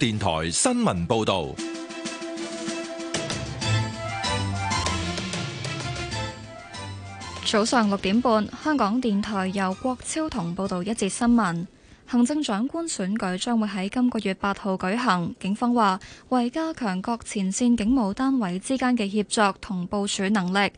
電台新聞報道：早上六點半，香港電台由郭超同報道一節新聞。行政長官選舉將會喺今個月八號舉行。警方話，為加強各前線警務單位之間嘅協作同部署能力。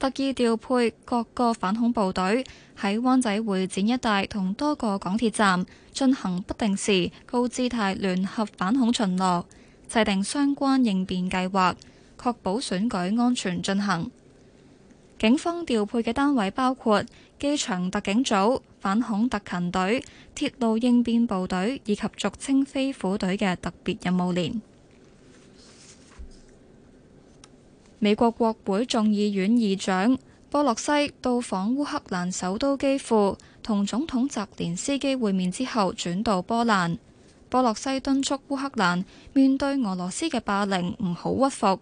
特意調配各個反恐部隊喺灣仔會展一帶同多個港鐵站進行不定時高姿態聯合反恐巡邏，制定相關應變計劃，確保選舉安全進行。警方調配嘅單位包括機場特警組、反恐特勤隊、鐵路應變部隊以及俗稱飛虎隊嘅特別任務連。美國國會眾議院議長波洛西到訪烏克蘭首都基輔，同總統澤連斯基會面之後，轉到波蘭。波洛西敦促烏克蘭面對俄羅斯嘅霸凌，唔好屈服。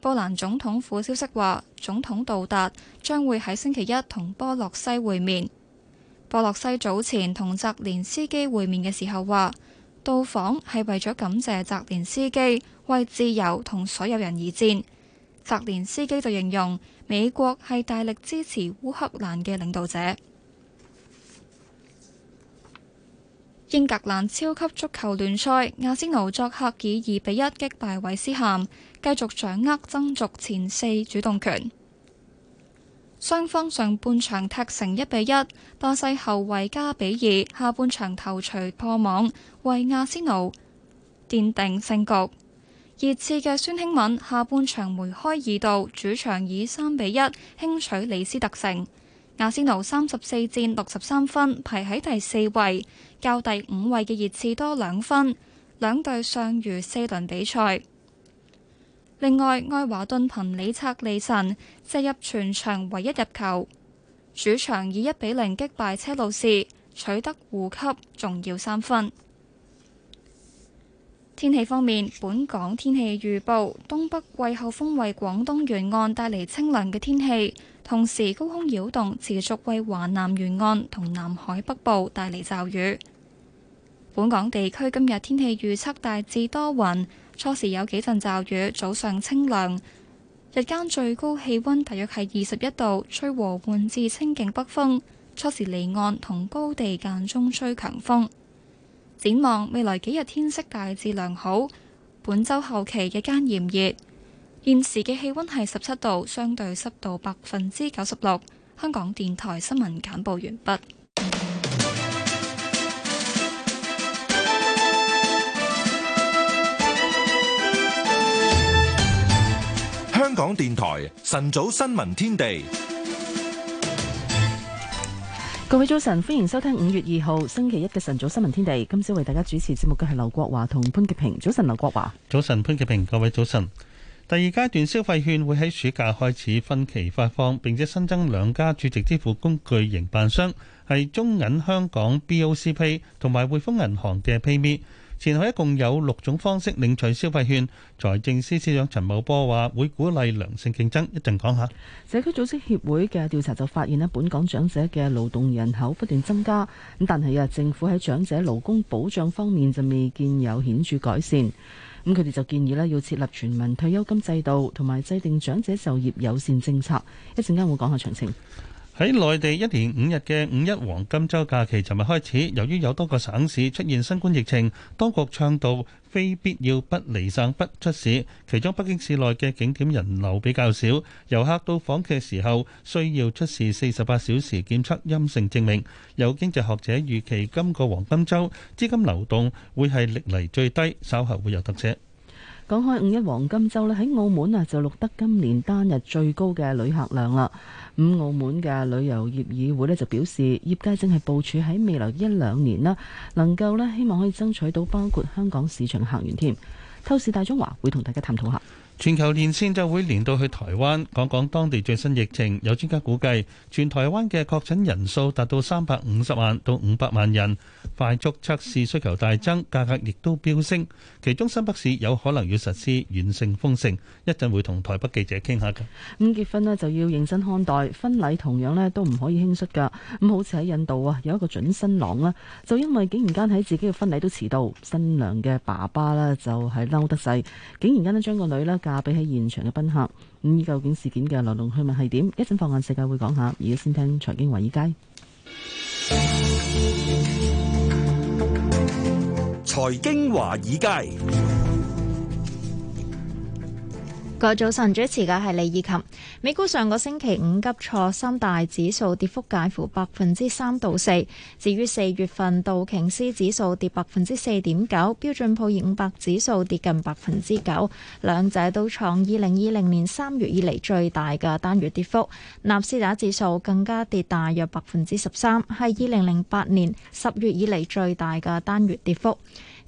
波蘭總統府消息話，總統到達將會喺星期一同波洛西會面。波洛西早前同澤連斯基會面嘅時候話，到訪係為咗感謝澤連斯基為自由同所有人而戰。澤連斯基就形容美國係大力支持烏克蘭嘅領導者。英格蘭超級足球聯賽，阿仙奴作客以二比一擊敗韋斯咸，繼續掌握爭逐前四主動權。雙方上半場踢成一比一，巴西後衛加比爾，下半場頭槌破網，為阿仙奴奠定勝局。熱刺嘅孫興敏下半場梅開二度，主場以三比一輕取里斯特城。阿仙奴三十四戰六十三分，排喺第四位，較第五位嘅熱刺多兩分。兩隊尚餘四輪比賽。另外，愛華頓憑李察李臣射入全場唯一入球，主場以一比零擊敗車路士，取得護級重要三分。天氣方面，本港天氣預報：東北季候風為廣東沿岸帶嚟清涼嘅天氣，同時高空擾動持續為華南沿岸同南海北部帶嚟驟雨。本港地區今日天氣預測大致多雲，初時有幾陣驟雨，早上清涼，日間最高氣溫大約係二十一度，吹和緩至清勁北風，初時離岸同高地間中吹強風。展望未來幾日天色大致良好，本周後期嘅間炎熱。現時嘅氣温係十七度，相對濕度百分之九十六。香港電台新聞簡報完畢。香港電台晨早新聞天地。各位早晨，歡迎收聽五月二號星期一嘅晨早新聞天地。今朝為大家主持節目嘅係劉國華同潘潔平。早晨，劉國華。早晨，潘潔平。各位早晨。第二階段消費券會喺暑假開始分期發放，並且新增兩家主席支付工具營辦商，係中銀香港 B O C P 同埋匯豐銀行嘅 PayMe。前海一共有六種方式領取消費券。財政司司長陳茂波話會鼓勵良性競爭。一陣講下社區組織協會嘅調查就發現呢，本港長者嘅勞動人口不斷增加，咁但係啊，政府喺長者勞工保障方面就未見有顯著改善。咁佢哋就建議呢，要設立全民退休金制度，同埋制定長者就業友善政策。一陣間會講下詳情。喺內地一連五日嘅五一黃金週假期，尋日開始，由於有多個省市出現新冠疫情，多國倡導非必要不離省不出市。其中北京市內嘅景點人流比較少，遊客到訪嘅時候需要出示四十八小時檢測陰性證明。有經濟學者預期今個黃金週資金流動會係歷來最低，稍後會有特寫。講開五一黃金周呢，喺澳門啊就錄得今年單日最高嘅旅客量啦。咁澳門嘅旅遊業議會呢就表示，業界正係部署喺未來一兩年啦，能夠呢希望可以爭取到包括香港市場客源添。透視大中華會同大家探討下。全球連線就會連到去台灣，講講當地最新疫情。有專家估計，全台灣嘅確診人數達到三百五十萬到五百萬人。快速測試需求大增，價格亦都飆升。其中新北市有可能要實施完成封城，一陣會同台北記者傾下嘅。咁結婚呢，就要認真看待，婚禮同樣呢，都唔可以輕率㗎。咁好似喺印度啊，有一個準新郎咧，就因為竟然間喺自己嘅婚禮都遲到，新娘嘅爸爸呢，就係嬲得曬，竟然間咧將個女咧。話俾喺現場嘅賓客，咁、嗯、究竟事件嘅來龍去脈係點？一陣放眼世界會講下，而家先聽財經華爾街。財經華爾街。個早晨主持嘅係李以琴。美股上個星期五急挫，三大指數跌幅介乎百分之三到四。至於四月份道瓊斯指數跌百分之四點九，標準普爾五百指數跌近百分之九，兩者都創二零二零年三月以嚟最大嘅單月跌幅。納斯達指數更加跌大約百分之十三，係二零零八年十月以嚟最大嘅單月跌幅。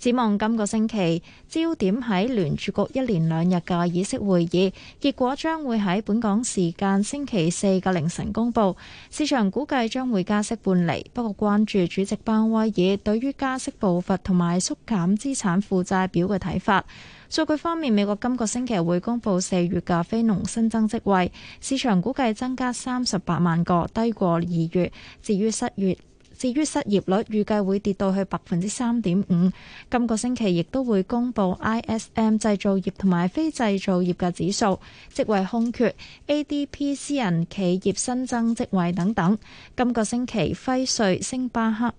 展望今個星期，焦點喺聯儲局一連兩日嘅議息會議，結果將會喺本港時間星期四嘅凌晨公布。市場估計將會加息半釐，不過關注主席鮑威爾對於加息步伐同埋縮減資產負債表嘅睇法。數據方面，美國今個星期會公布四月嘅非農新增職位，市場估計增加三十八萬個，低過二月。至於失業。至於失業率，預計會跌到去百分之三點五。今個星期亦都會公布 ISM 製造業同埋非製造業嘅指數、職位空缺、ADP 私人企業新增職位等等。今個星期，輝瑞、星巴克、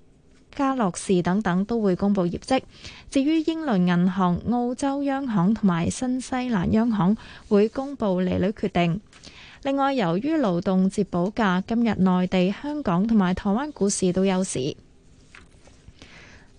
嘉樂士等等都會公布業績。至於英倫銀行、澳洲央行同埋新西蘭央行會公布利率決定。另外，由於勞動節補假，今日內地、香港同埋台灣股市都休市。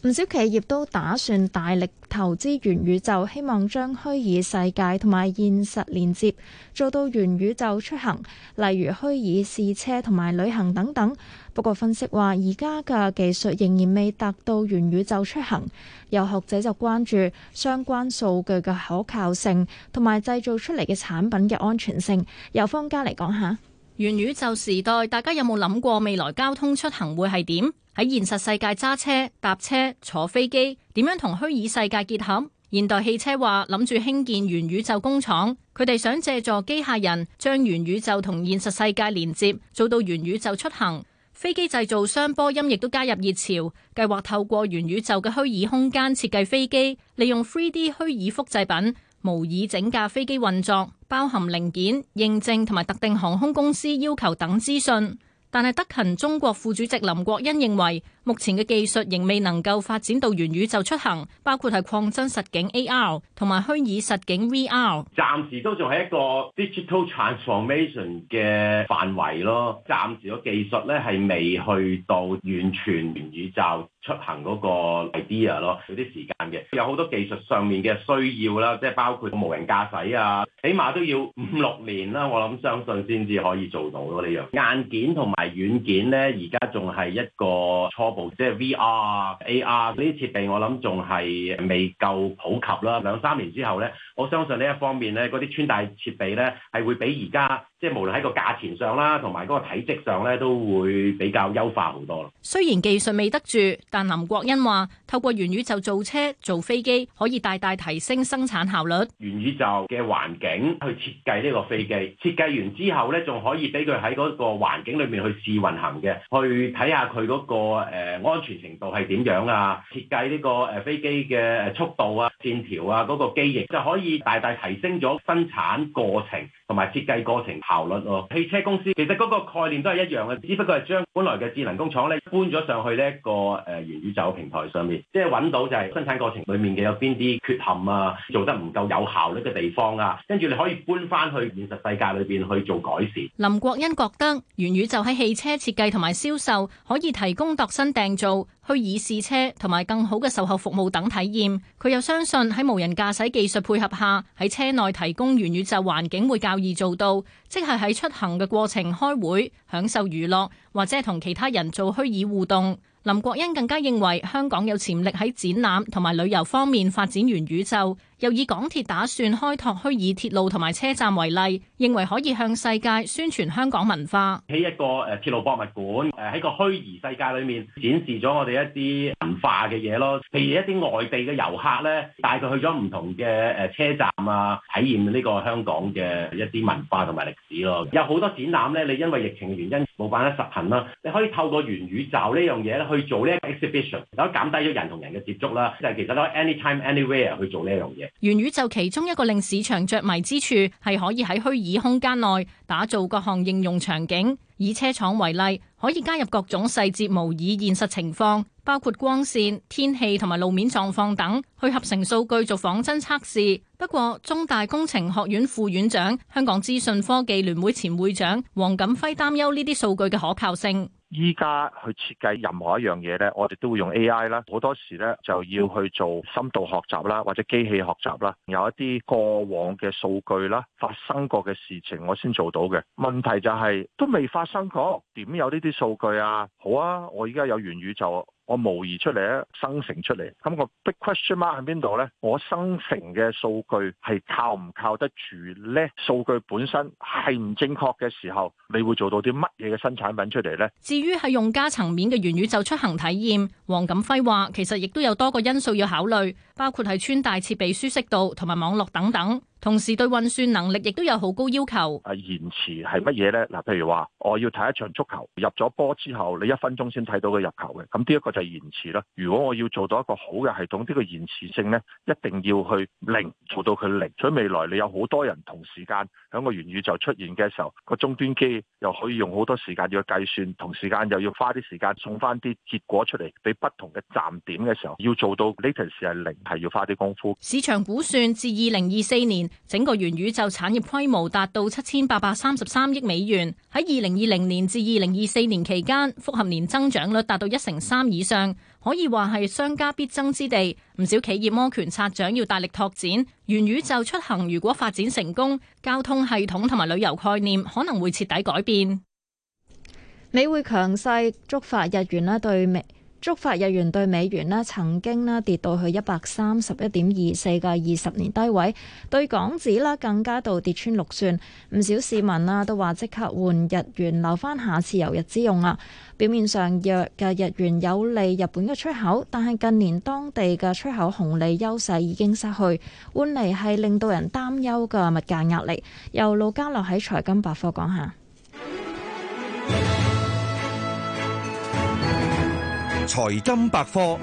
唔少企業都打算大力投資元宇宙，希望將虛擬世界同埋現實連接，做到元宇宙出行，例如虛擬試車同埋旅行等等。不過，分析話，而家嘅技術仍然未達到元宇宙出行。有學者就關注相關數據嘅可靠性，同埋製造出嚟嘅產品嘅安全性。由方家嚟講下元宇宙時代，大家有冇諗過未來交通出行會係點？喺現實世界揸車、搭車、坐飛機，點樣同虛擬世界結合？現代汽車話諗住興建元宇宙工廠，佢哋想借助機械人將元宇宙同現實世界連接，做到元宇宙出行。飛機製造商波音亦都加入熱潮，計劃透過元宇宙嘅虛擬空間設計飛機，利用 3D 虛擬複製品模擬整架飛機運作，包含零件、認證同埋特定航空公司要求等資訊。但係德勤中國副主席林國恩認為。目前嘅技術仍未能夠發展到元宇宙出行，包括係擴增實境 AR 同埋虛擬實境 VR。暫時都仲係一個 digital transformation 嘅範圍咯。暫時個技術咧係未去到完全元宇宙出行嗰個 idea 咯，有啲時間嘅。有好多技術上面嘅需要啦，即係包括無人駕駛啊，起碼都要五六年啦。我諗相信先至可以做到咯呢樣。硬件同埋軟件咧，而家仲係一個初。即係 VR、AR 呢啲設備，我諗仲係未夠普及啦。兩三年之後咧，我相信呢一方面咧，嗰啲穿戴設備咧，係會比而家。即係無論喺個價錢上啦，同埋嗰個體積上咧，都會比較優化好多咯。雖然技術未得住，但林國恩話透過元宇宙造車、造飛機，可以大大提升生產效率。元宇宙嘅環境去設計呢個飛機，設計完之後咧，仲可以俾佢喺嗰個環境裏面去試運行嘅，去睇下佢嗰個誒安全程度係點樣啊？設計呢個誒飛機嘅誒速度啊、線條啊、嗰個機翼，就可以大大提升咗生產過程。同埋設計過程效率咯，汽車公司其實嗰個概念都係一樣嘅，只不過係將本來嘅智能工廠咧搬咗上去呢一個誒元宇宙平台上面，即係揾到就係生產過程裡面嘅有邊啲缺陷啊，做得唔夠有效率嘅地方啊，跟住你可以搬翻去現實世界裏邊去做改善。林國恩覺得元宇宙喺汽車設計同埋銷售可以提供度身訂造、虛擬試車同埋更好嘅售後服務等體驗。佢又相信喺無人駕駛技術配合下，喺車內提供元宇宙環境會較易做到，即係喺出行嘅過程開會、享受娛樂或者同其他人做虛擬互動。林國恩更加認為，香港有潛力喺展覽同埋旅遊方面發展元宇宙。又以港鐵打算開拓虛擬鐵路同埋車站為例，認為可以向世界宣傳香港文化。喺一個誒鐵路博物館誒喺個虛擬世界裏面展示咗我哋一啲文化嘅嘢咯。譬如一啲外地嘅遊客咧，帶佢去咗唔同嘅誒車站啊，體驗呢個香港嘅一啲文化同埋歷史咯。有好多展覽咧，你因為疫情嘅原因冇辦得實行啦，你可以透過元宇宙呢樣嘢咧去做呢個 exhibition，有減低咗人同人嘅接觸啦，但係其實可以 anytime anywhere 去做呢樣嘢。元宇宙其中一個令市場着迷之處，係可以喺虛擬空間內打造各項應用場景。以車廠為例，可以加入各種細節模擬現實情況，包括光線、天氣同埋路面狀況等，去合成數據做仿真測試。不過，中大工程學院副院長、香港資訊科技聯會前會長黃錦輝擔憂呢啲數據嘅可靠性。依家去設計任何一樣嘢呢，我哋都會用 A.I. 啦，好多時呢，就要去做深度學習啦，或者機器學習啦，有一啲過往嘅數據啦，發生過嘅事情我先做到嘅。問題就係、是、都未發生過，點有呢啲數據啊？好啊，我依家有元宇宙。我模擬出嚟，生成出嚟，咁個 big question mark 喺邊度咧？我生成嘅數據係靠唔靠得住咧？數據本身係唔正確嘅時候，你會做到啲乜嘢嘅新產品出嚟咧？至於係用家層面嘅元宇宙出行體驗，黃錦輝話其實亦都有多個因素要考慮，包括係穿戴設備舒適度同埋網絡等等。同時對運算能力亦都有好高要求。誒，延遲係乜嘢呢？嗱，譬如話我要睇一場足球，入咗波之後，你一分鐘先睇到佢入球嘅，咁呢一個就係延遲啦。如果我要做到一個好嘅系統，呢個延遲性呢，一定要去零做到佢零。所以未來你有好多人同時間喺個元宇宙出現嘅時候，個終端機又可以用好多時間要計算，同時間又要花啲時間送翻啲結果出嚟俾不同嘅站點嘅時候，要做到呢陣時係零，係要花啲功夫。市場估算至二零二四年，整個元宇宙產業規模達到七千八百三十三億美元，喺二零二零年至二零二四年期間，複合年增長率達到一成三以上，可以話係商家必爭之地。唔少企業摩拳擦掌要大力拓展元宇宙出行。如果發展成功，交通系統同埋旅遊概念可能會徹底改變。美匯強勢觸發日元啦，對美觸發日元對美元咧，曾經咧跌到去一百三十一點二四嘅二十年低位，對港紙咧更加到跌穿六算。唔少市民啊都話即刻換日元，留翻下次遊日之用啊！表面上弱嘅日元有利日本嘅出口，但係近年當地嘅出口紅利優勢已經失去，換嚟係令到人擔憂嘅物價壓力。由盧嘉樂喺財金百貨講下。 財金百科。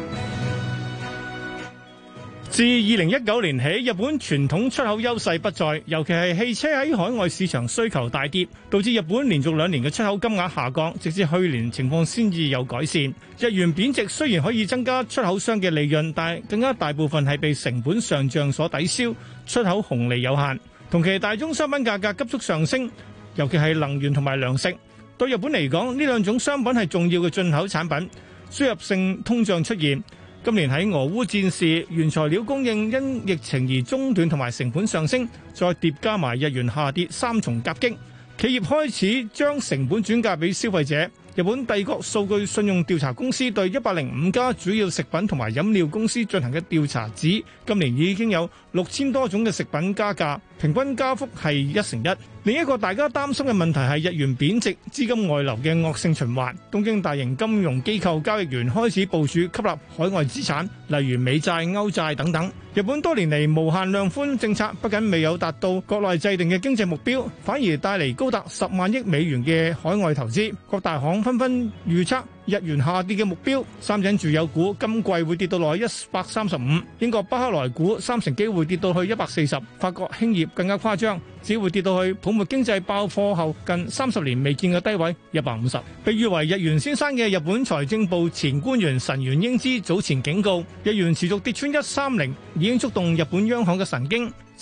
自二零一九年起，日本傳統出口優勢不再，尤其係汽車喺海外市場需求大跌，導致日本連續兩年嘅出口金額下降。直至去年情況先至有改善。日元貶值雖然可以增加出口商嘅利潤，但更加大部分係被成本上漲所抵消，出口紅利有限。同期大宗商品價格急速上升，尤其係能源同埋糧食。對日本嚟講，呢兩種商品係重要嘅進口產品。輸入性通脹出現，今年喺俄烏戰事、原材料供應因疫情而中斷同埋成本上升，再疊加埋日元下跌三重夾擊，企業開始將成本轉嫁俾消費者。日本帝國數據信用調查公司對一百零五家主要食品同埋飲料公司進行嘅調查指，今年已已經有六千多種嘅食品加價，平均加幅係一成一。另一個大家擔心嘅問題係日元貶值、資金外流嘅惡性循環。東京大型金融機構交易員開始部署吸納海外資產，例如美債、歐債等等。日本多年嚟無限量寬政策，不僅未有達到國內制定嘅經濟目標，反而帶嚟高達十萬億美元嘅海外投資。各大行紛紛預測。日元下跌嘅目標，三井住友股今季會跌到落去一百三十五；英國巴克萊股三成機會跌到去一百四十；法國興業更加誇張，只會跌到去泡沫經濟爆破後近三十年未見嘅低位一百五十。被譽為日元先生嘅日本財政部前官員神原英姿早前警告，日元持續跌穿一三零已經觸動日本央行嘅神經。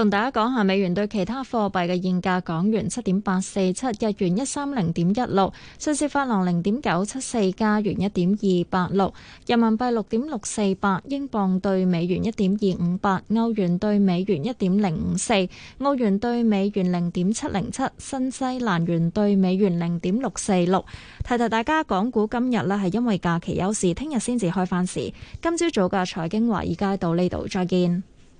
同大家講下美元對其他貨幣嘅現價：港元七點八四七，日元一三零點一六，瑞士法郎零點九七四，加元一點二八六，人民幣六點六四八，英鎊對美元一點二五八，歐元對美元一點零五四，澳元對美元零點七零七，新西蘭元對美元零點六四六。提提大家，港股今日呢係因為假期休市，聽日先至開翻市。今朝早嘅財經華爾街到呢度再見。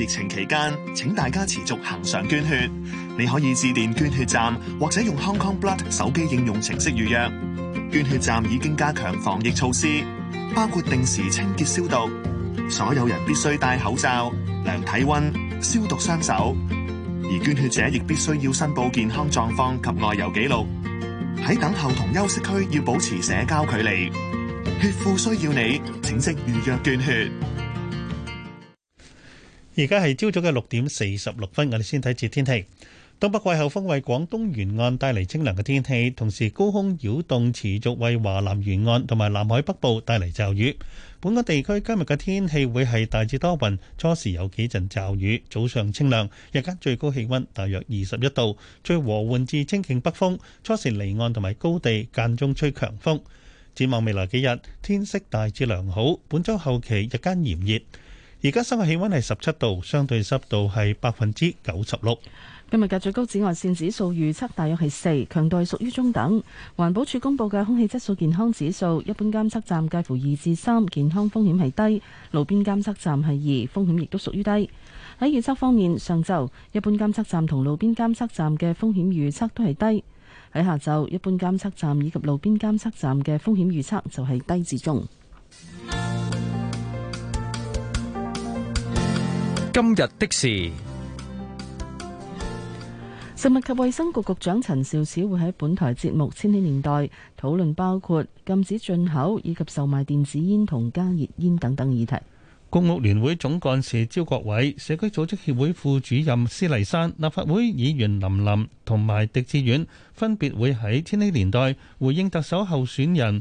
疫情期間，請大家持續行上捐血。你可以致電捐血站，或者用 Hong Kong Blood 手機應用程式預約。捐血站已經加強防疫措施，包括定時清潔消毒，所有人必須戴口罩、量體溫、消毒雙手。而捐血者亦必須要申報健康狀況及外遊記錄。喺等候同休息區要保持社交距離。血庫需要你，請即預約捐血。而家係朝早嘅六點四十六分，我哋先睇節天氣。東北季候風為廣東沿岸帶嚟清涼嘅天氣，同時高空擾動持續為華南沿岸同埋南海北部帶嚟驟雨。本港地區今日嘅天氣會係大致多雲，初時有幾陣驟雨，早上清涼，日間最高氣温大約二十一度，吹和緩至清勁北風，初時離岸同埋高地間中吹強風。展望未來幾日，天色大致良好，本周後期日間炎熱。而家室外氣溫係十七度，相對濕度係百分之九十六。今日嘅最高紫外線指數預測大約係四，強度屬於中等。環保署公布嘅空氣質素健康指數，一般監測站介乎二至三，健康風險係低；路邊監測站係二，風險亦都屬於低。喺預測方面，上晝一般監測站同路邊監測站嘅風險預測都係低；喺下晝，一般監測站以及路邊監測站嘅風險預測就係低至中。今日的事，食物及衛生局局長陳肇始會喺本台節目《千禧年代》討論，包括禁止進口以及售賣電子煙同加熱煙等等議題。公屋聯會總幹事招國偉、社區組織協會副主任施麗珊、立法會議員林琳同埋狄志遠分別會喺《千禧年代》回應特首候選人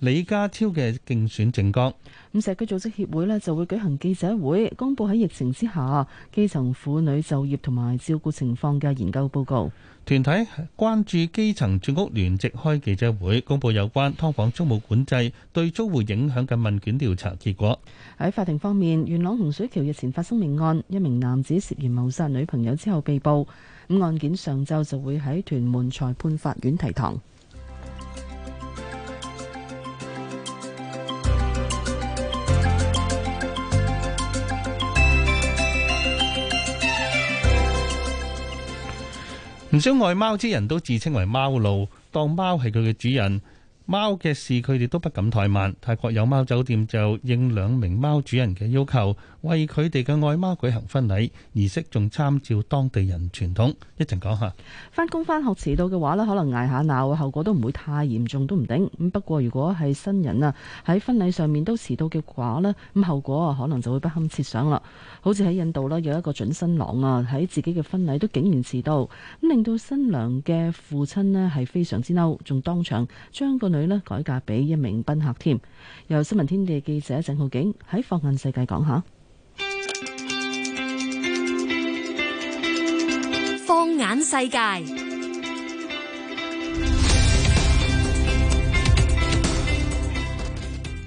李家超嘅競選政綱。咁社區組織協會咧，就會舉行記者會，公布喺疫情之下基層婦女就業同埋照顧情況嘅研究報告。團體關注基層住屋聯席開記者會，公布有關劏房租務管制對租戶影響嘅問卷調查結果。喺法庭方面，元朗洪水橋日前發生命案，一名男子涉嫌謀殺女朋友之後被捕。咁案件上晝就會喺屯門裁判法院提堂。唔少愛貓之人都自稱為貓奴，當貓係佢嘅主人，貓嘅事佢哋都不敢怠慢。泰國有貓酒店就應兩名貓主人嘅要求，為佢哋嘅外媽舉行婚禮儀式，仲參照當地人傳統。一陣講下。返工返學遲到嘅話咧，可能挨下鬧，後果都唔會太嚴重，都唔定。咁不過如果係新人啊，喺婚禮上面都遲到嘅話呢，咁後果啊可能就會不堪設想啦。好似喺印度啦，有一個準新郎啊喺自己嘅婚禮都竟然遲到，咁令到新娘嘅父親呢係非常之嬲，仲當場將個女呢改嫁俾一名賓客添。由新聞天地記者鄭浩景喺放眼世界講下。放眼世界。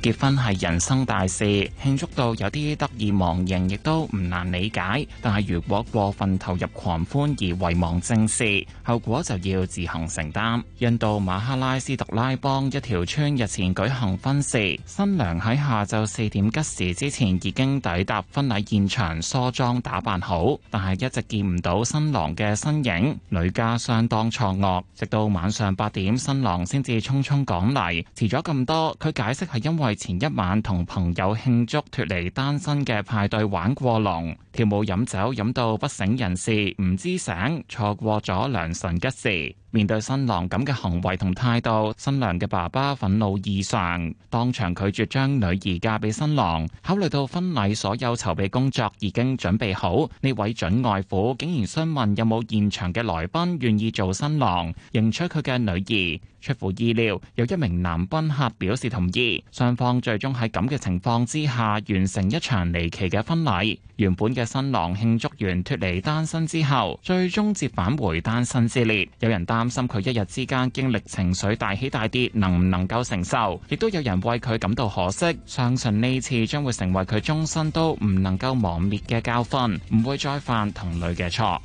結婚係人生大事，慶祝到有啲得意忘形，亦都唔難理解。但係如果過分投入狂歡而遺忘正事，後果就要自行承擔。印度馬哈拉施特拉邦一條村日前舉行婚事，新娘喺下晝四點吉時之前已經抵達婚禮現場，梳妝打扮好，但係一直見唔到新郎嘅身影，女家相當錯愕。直到晚上八點，新郎先至匆匆趕嚟，遲咗咁多，佢解釋係因為，前一晚同朋友慶祝脫離單身嘅派對玩過龍，跳舞飲酒飲到不省人事，唔知醒，錯過咗良辰吉時。面對新郎咁嘅行為同態度，新娘嘅爸爸憤怒異常，當場拒絕將女兒嫁俾新郎。考慮到婚禮所有籌備工作已經準備好，呢位準外父竟然詢問有冇現場嘅來賓願意做新郎迎娶佢嘅女兒。出乎意料，有一名男賓客表示同意，雙方最終喺咁嘅情況之下完成一場離奇嘅婚禮。原本嘅新郎慶祝完脫離單身之後，最終接返回單身之列。有人擔心佢一日之間經歷情緒大起大跌，能唔能夠承受？亦都有人為佢感到可惜。相信呢次將會成為佢終身都唔能夠磨滅嘅教訓，唔會再犯同類嘅錯。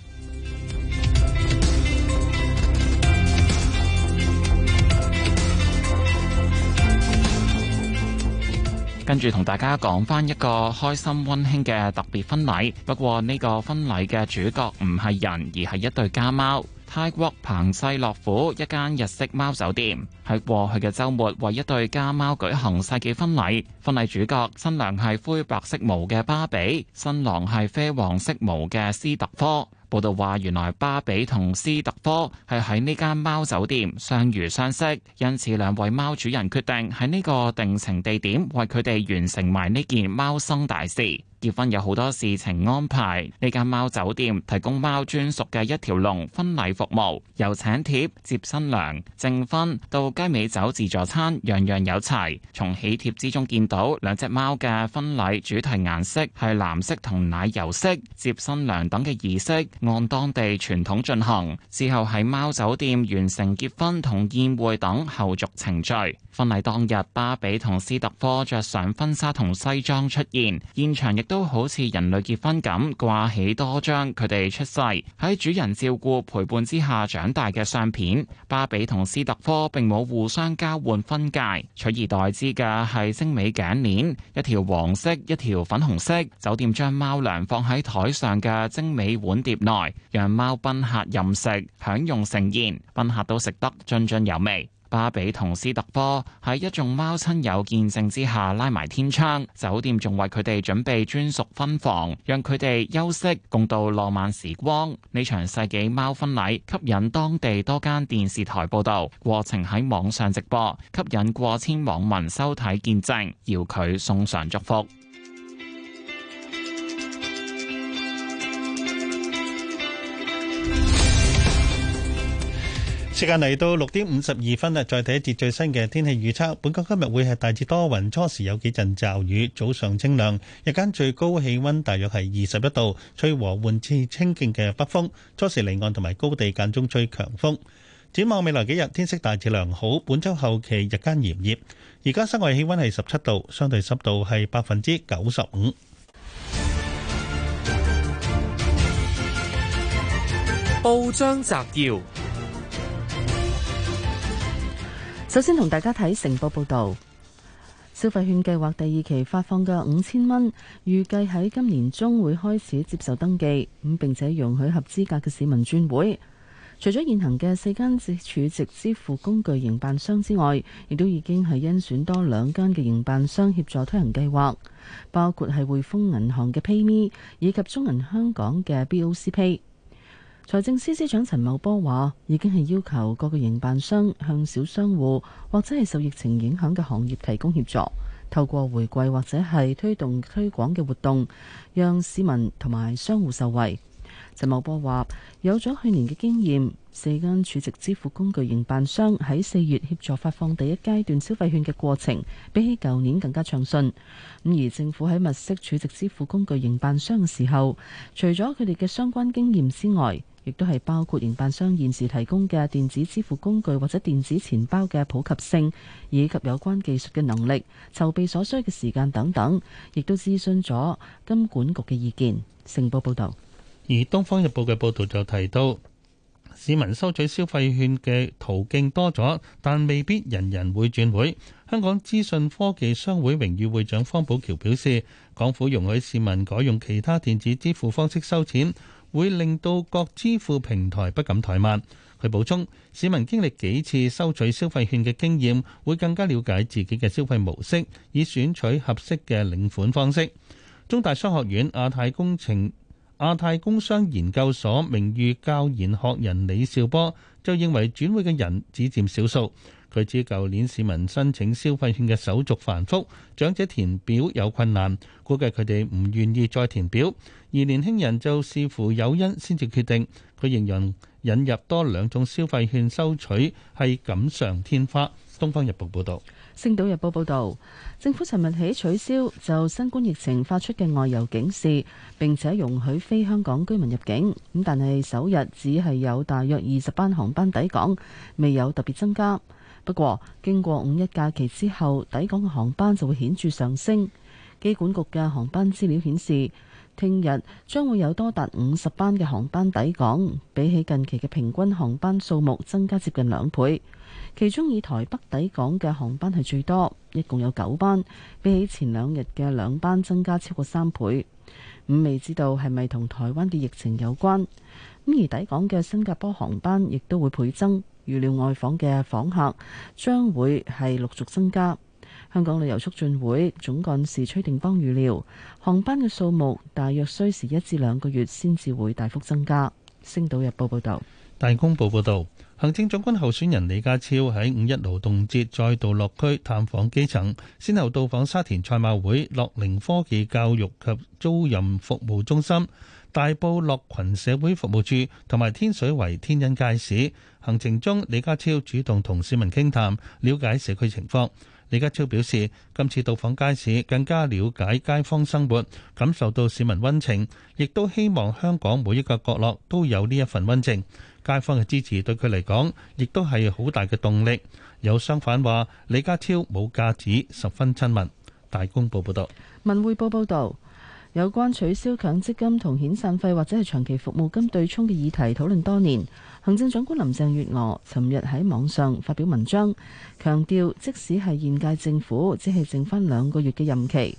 跟住同大家講翻一個開心溫馨嘅特別婚禮，不過呢個婚禮嘅主角唔係人，而係一對家貓。泰國彭世洛府一間日式貓酒店喺過去嘅周末為一對家貓舉行世紀婚禮，婚禮主角新娘係灰白色毛嘅芭比，新郎係啡黃色毛嘅斯特科。報道話，原來巴比同斯特科係喺呢間貓酒店相遇相識，因此兩位貓主人決定喺呢個定情地點為佢哋完成埋呢件貓生大事。結婚有好多事情安排，呢間貓酒店提供貓專屬嘅一條龍婚禮服務，由請帖、接新娘、證婚到雞尾酒自助餐，樣樣有齊。從喜帖之中見到兩隻貓嘅婚禮主題顏色係藍色同奶油色，接新娘等嘅儀式按當地傳統進行。之後喺貓酒店完成結婚同宴會等後續程序。婚禮當日，巴比同斯特科着上婚紗同西裝出現，現場亦都。都好似人類結婚咁，掛起多張佢哋出世喺主人照顧陪伴之下長大嘅相片。巴比同斯特科並冇互相交換婚戒，取而代之嘅係精美頸鏈，一條黃色，一條粉紅色。酒店將貓糧放喺台上嘅精美碗碟內，讓貓賓客任食享用盛宴。賓客都食得津津有味。巴比同斯特科喺一眾貓親友見證之下拉埋天窗，酒店仲為佢哋準備專屬婚房，讓佢哋休息共度浪漫時光。呢場世紀貓婚禮吸引當地多間電視台報道，過程喺網上直播，吸引過千網民收睇見證，要佢送上祝福。時間嚟到六點五十二分啦，再睇一節最新嘅天氣預測。本港今日會係大致多雲，初時有幾陣驟雨，早上清涼，日間最高氣溫大約係二十一度，吹和緩至清勁嘅北風，初時離岸同埋高地間中吹強風。展望未來幾日，天色大致良好，本周後期日間炎熱。而家室外氣溫係十七度，相對濕度係百分之九十五。報章摘要。首先同大家睇成報報道，消費券計劃第二期發放嘅五千蚊，預計喺今年中會開始接受登記，咁並且容許合資格嘅市民轉會。除咗現行嘅四間儲值支付工具營辦商之外，亦都已經係甄選多兩間嘅營辦商協助推行計劃，包括係匯豐銀行嘅 PayMe 以及中銀香港嘅 BOCP。財政司司長陳茂波話：已經係要求各個營辦商向小商戶或者係受疫情影響嘅行業提供協助，透過回饋或者係推動推廣嘅活動，讓市民同埋商戶受惠。陳茂波話：有咗去年嘅經驗，四間儲值支付工具營辦商喺四月協助發放第一階段消費券嘅過程，比起舊年更加暢順。咁而政府喺物色儲值支付工具營辦商嘅時候，除咗佢哋嘅相關經驗之外，亦都係包括營辦商現時提供嘅電子支付工具或者電子錢包嘅普及性，以及有關技術嘅能力、籌備所需嘅時間等等，亦都諮詢咗金管局嘅意見。成報報導。而《東方日報》嘅報導就提到，市民收取消費券嘅途徑多咗，但未必人人會轉會。香港資訊科技商會榮譽會長方保僑表示，港府容許市民改用其他電子支付方式收錢。會令到各支付平台不敢怠慢。佢補充，市民經歷幾次收取消費券嘅經驗，會更加了解自己嘅消費模式，以選取合適嘅領款方式。中大商學院亞太工程亞太工商研究所名譽教研學人李兆波就認為，轉會嘅人只佔少數。據知舊年市民申請消費券嘅手續繁複，長者填表有困難，估計佢哋唔願意再填表；而年輕人就視乎有因先至決定。佢仍然引入多兩種消費券收取，係錦上添花。《東方日報》報道。《星島日報》報道，政府尋日起取消就新冠疫情發出嘅外遊警示，並且容許非香港居民入境。咁但係首日只係有大約二十班航班抵港，未有特別增加。不過，經過五一假期之後，抵港嘅航班就會顯著上升。機管局嘅航班資料顯示，聽日將會有多達五十班嘅航班抵港，比起近期嘅平均航班數目增加接近兩倍。其中以台北抵港嘅航班係最多，一共有九班，比起前兩日嘅兩班增加超過三倍。咁未知道係咪同台灣嘅疫情有關？咁而抵港嘅新加坡航班亦都會倍增。預料外訪嘅訪客將會係陸續增加。香港旅遊促進會總幹事崔定邦預料，航班嘅數目大約需時一至兩個月先至會大幅增加。星島日報報道。大公報報道，行政長官候選人李家超喺五一勞動節再度落區探訪基層，先後到訪沙田賽馬會、樂齡科技教育及租賃服務中心。大埔樂群社會服務處同埋天水圍天恩街市。行程中，李家超主動同市民傾談，了解社區情況。李家超表示，今次到訪街市，更加了解街坊生活，感受到市民溫情，亦都希望香港每一個角落都有呢一份溫情。街坊嘅支持對佢嚟講，亦都係好大嘅動力。有商販話：李家超冇架子，十分親民。大公報報道。文匯報報導。有關取消強積金同遣散費或者係長期服務金對沖嘅議題，討論多年。行政長官林鄭月娥尋日喺網上發表文章，強調即使係現屆政府只係剩返兩個月嘅任期，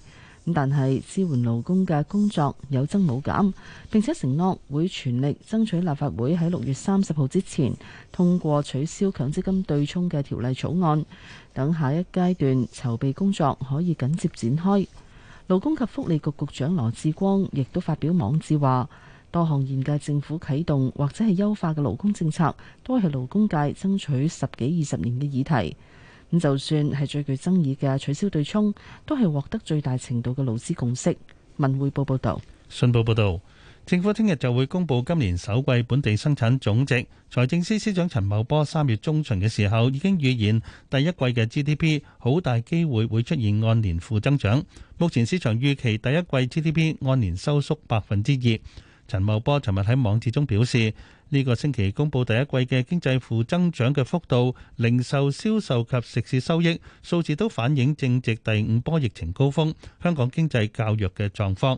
但係支援勞工嘅工作有增冇減，並且承諾會全力爭取立法會喺六月三十號之前通過取消強積金對沖嘅條例草案，等下一階段籌備工作可以緊接展開。勞工及福利局局長羅致光亦都發表網誌話，多項現屆政府啟動或者係優化嘅勞工政策，都係勞工界爭取十幾二十年嘅議題。咁就算係最具爭議嘅取消對沖，都係獲得最大程度嘅勞資共識。文匯報報道，信報報道。政府聽日就會公布今年首季本地生產總值。財政司司長陳茂波三月中旬嘅時候已經預言第一季嘅 GDP 好大機會會出現按年負增長，目前市場預期第一季 GDP 按年收縮百分之二。陳茂波尋日喺網誌中表示，呢、這個星期公布第一季嘅經濟負增長嘅幅度，零售銷售及食肆收益數字都反映正值第五波疫情高峰，香港經濟較弱嘅狀況。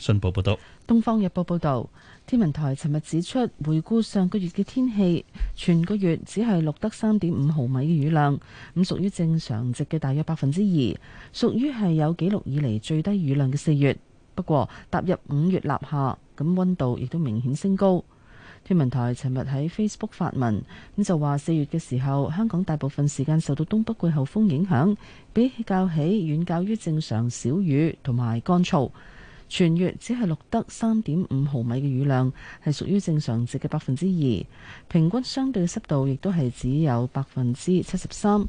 信報報導，《東方日報》報導，天文台尋日指出，回顧上個月嘅天氣，全個月只係錄得三點五毫米嘅雨量，咁屬於正常值嘅大約百分之二，屬於係有紀錄以嚟最低雨量嘅四月。不過踏入五月立夏，咁溫度亦都明顯升高。天文台尋日喺 Facebook 發文咁就話：四月嘅時候，香港大部分時間受到東北季候風影響，比較起遠較於正常小雨同埋乾燥。全月只係錄得三點五毫米嘅雨量，係屬於正常值嘅百分之二。平均相對濕度亦都係只有百分之七十三。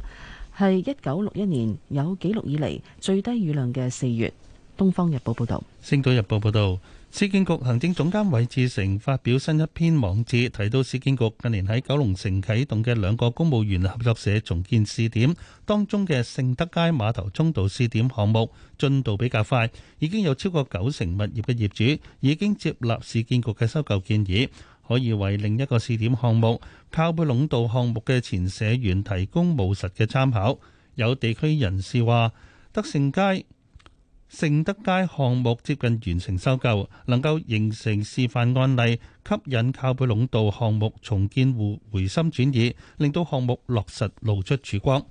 係一九六一年有紀錄以嚟最低雨量嘅四月。東方日報報道。星島日報報道。市建局行政總監韋志成發表新一篇網誌，提到市建局近年喺九龍城啟動嘅兩個公務員合作社重建試點當中嘅盛德街馬頭涌道試點項目進度比較快，已經有超過九成物業嘅業主已經接納市建局嘅收購建議，可以為另一個試點項目靠背壟道項目嘅前社員提供務實嘅參考。有地區人士話：，德勝街。盛德街項目接近完成收購，能夠形成示範案例，吸引靠背壟道項目重建戶回心轉意，令到項目落實露出曙光。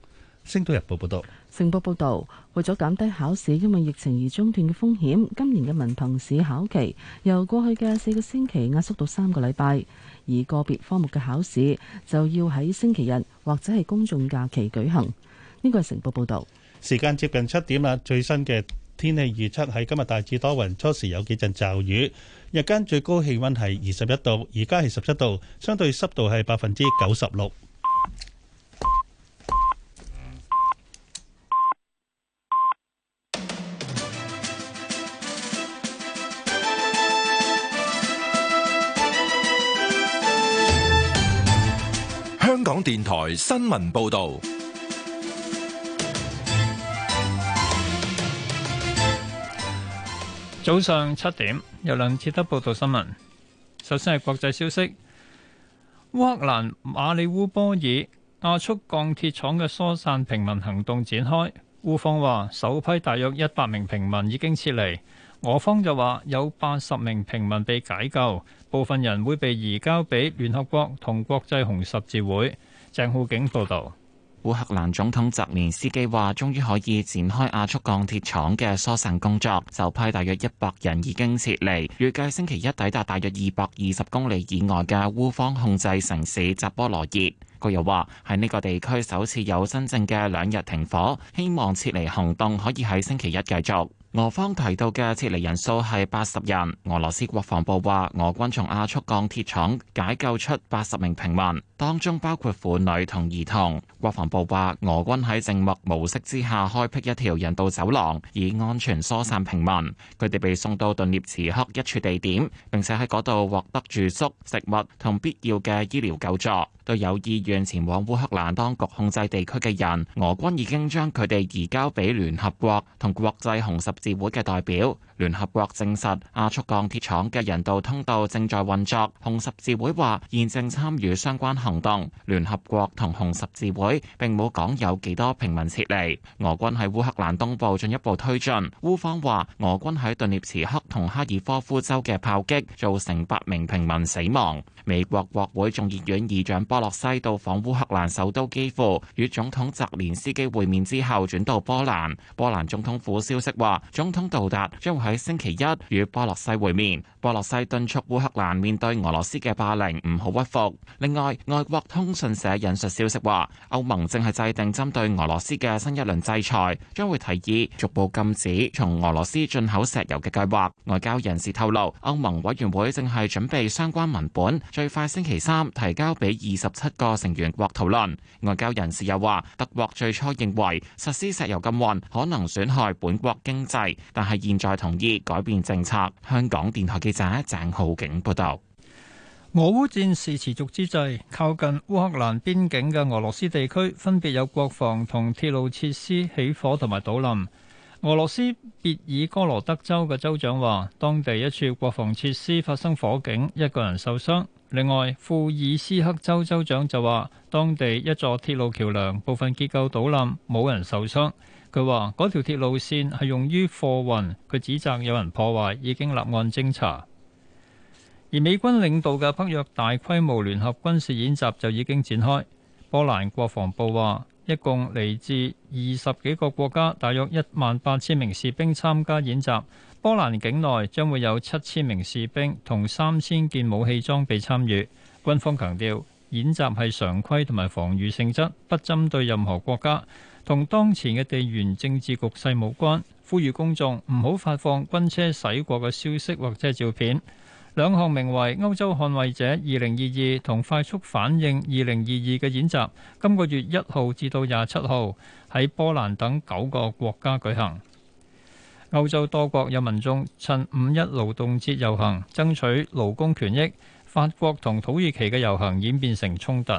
星島日報報導。成報報導，為咗減低考試因為疫情而中斷嘅風險，今年嘅文憑試考期由過去嘅四個星期壓縮到三個禮拜，而個別科目嘅考試就要喺星期日或者係公眾假期舉行。呢個係成報報導。時間接近七點啦，最新嘅。天氣預測喺今日大致多雲，初時有幾陣驟雨，日間最高氣温係二十一度，而家係十七度，相對濕度係百分之九十六。香港電台新聞報道。早上七點，有兩次得報道新聞。首先係國際消息，烏克蘭馬里烏波爾亞速鋼鐵廠嘅疏散平民行動展開，烏方話首批大約一百名平民已經撤離，俄方就話有八十名平民被解救，部分人會被移交俾聯合國同國際紅十字會。鄭浩景報道。烏克蘭總統澤連斯基話，終於可以展開亞速鋼鐵廠嘅疏散工作，就派大約一百人已經撤離，預計星期一抵達大約二百二十公里以外嘅烏方控制城市扎波羅熱。佢又話，喺呢個地區首次有真正嘅兩日停火，希望撤離行動可以喺星期一繼續。俄方提到嘅撤離人數係八十人。俄羅斯國防部話，俄軍從亞速鋼鐵廠解救出八十名平民，當中包括婦女同兒童。國防部話，俄軍喺靜默模式之下開闢一條人道走廊，以安全疏散平民。佢哋被送到頓涅茨克一處地點，並且喺嗰度獲得住宿、食物同必要嘅醫療救助。對有意願前往烏克蘭當局控制地區嘅人，俄軍已經將佢哋移交俾聯合國同國際紅十自會嘅代表。聯合國證實亞速鋼鐵廠嘅人道通道正在運作。紅十字會話現正參與相關行動。聯合國同紅十字會並冇講有幾多平民撤離。俄軍喺烏克蘭東部進一步推進。烏方話俄軍喺頓涅茨克同哈爾科夫州嘅炮擊造成八名平民死亡。美國國會眾議院議長波洛西到訪烏克蘭首都基輔，與總統澤連斯基會面之後轉到波蘭。波蘭總統府消息話總統杜達將會喺星期一與巴洛西會面。博洛西敦促烏克蘭面對俄羅斯嘅霸凌，唔好屈服。另外，外國通訊社引述消息話，歐盟正係制定針對俄羅斯嘅新一輪制裁，將會提議逐步禁止從俄羅斯進口石油嘅計劃。外交人士透露，歐盟委員會正係準備相關文本，最快星期三提交俾二十七個成員國討論。外交人士又話，德國最初認為實施石油禁運可能損害本國經濟，但係現在同意改變政策。香港電台嘅。記者鄭浩景報道，俄烏戰事持續之際，靠近烏克蘭邊境嘅俄羅斯地區分別有國防同鐵路設施起火同埋倒冧。俄羅斯別爾哥羅德州嘅州長話，當地一處國防設施發生火警，一個人受傷。另外，庫爾斯克州州長就話，當地一座鐵路橋樑部分結構倒冧，冇人受傷。佢話：嗰條鐵路線係用於貨運。佢指責有人破壞，已經立案偵查。而美軍領導嘅北約大規模聯合軍事演習就已經展開。波蘭國防部話，一共嚟自二十幾個國家，大約一萬八千名士兵參加演習。波蘭境內將會有七千名士兵同三千件武器裝備參與。軍方強調，演習係常規同埋防禦性質，不針對任何國家。同當前嘅地緣政治局勢無關，呼籲公眾唔好發放軍車駛過嘅消息或者照片。兩項名為歐洲捍衞者2022同快速反應2022嘅演習，今個月一號至到廿七號喺波蘭等九個國家舉行。歐洲多國有民眾趁五一勞動節遊行爭取勞工權益，法國同土耳其嘅遊行演變成衝突。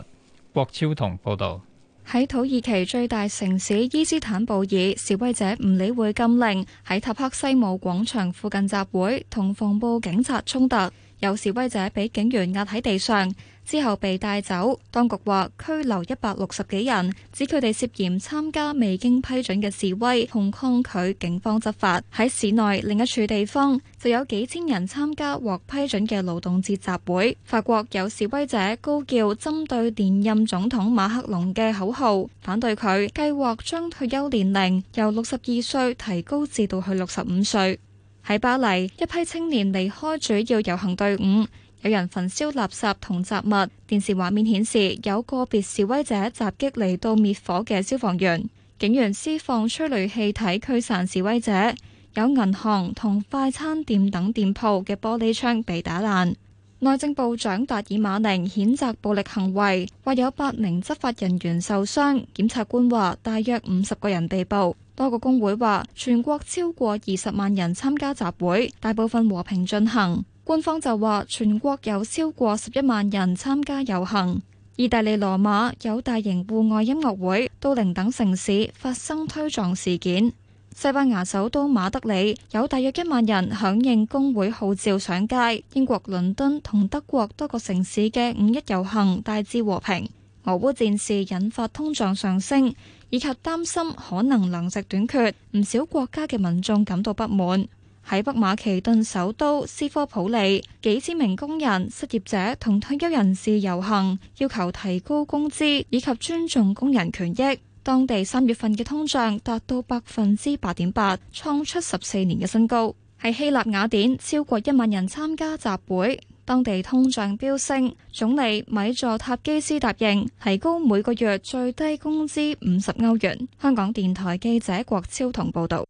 郭超同報導。喺土耳其最大城市伊斯坦布爾，示威者唔理會禁令，喺塔克西姆廣場附近集會，同防暴警察衝突，有示威者俾警員壓喺地上。之後被帶走，當局話拘留一百六十幾人，指佢哋涉嫌參加未經批准嘅示威同抗拒警方執法。喺市內另一處地方，就有幾千人參加獲批准嘅勞動節集會。法國有示威者高叫針對連任總統馬克龍嘅口號，反對佢計劃將退休年齡由六十二歲提高至到去六十五歲。喺巴黎，一批青年離開主要遊行隊伍。有人焚燒垃圾同雜物，電視畫面顯示有個別示威者襲擊嚟到滅火嘅消防員，警員施放催淚氣體驅散示威者。有銀行同快餐店等店鋪嘅玻璃窗被打爛。內政部長達爾馬寧譴責暴力行為，話有八名執法人員受傷。檢察官話，大約五十個人被捕。多個工會話，全國超過二十萬人參加集會，大部分和平進行。官方就話，全國有超過十一萬人參加遊行。意大利羅馬有大型戶外音樂會，都靈等城市發生推撞事件。西班牙首都馬德里有大約一萬人響應工會號召上街。英國倫敦同德國多個城市嘅五一遊行大致和平。俄烏戰事引發通脹上升，以及擔心可能糧食短缺，唔少國家嘅民眾感到不滿。喺北馬其頓首都斯科普里，幾千名工人、失業者同退休人士遊行，要求提高工資以及尊重工人權益。當地三月份嘅通脹達到百分之八點八，創出十四年嘅新高。喺希臘雅典，超過一萬人參加集會，當地通脹飆升。總理米佐塔基斯答應提高每個月最低工資五十歐元。香港電台記者郭超同報道。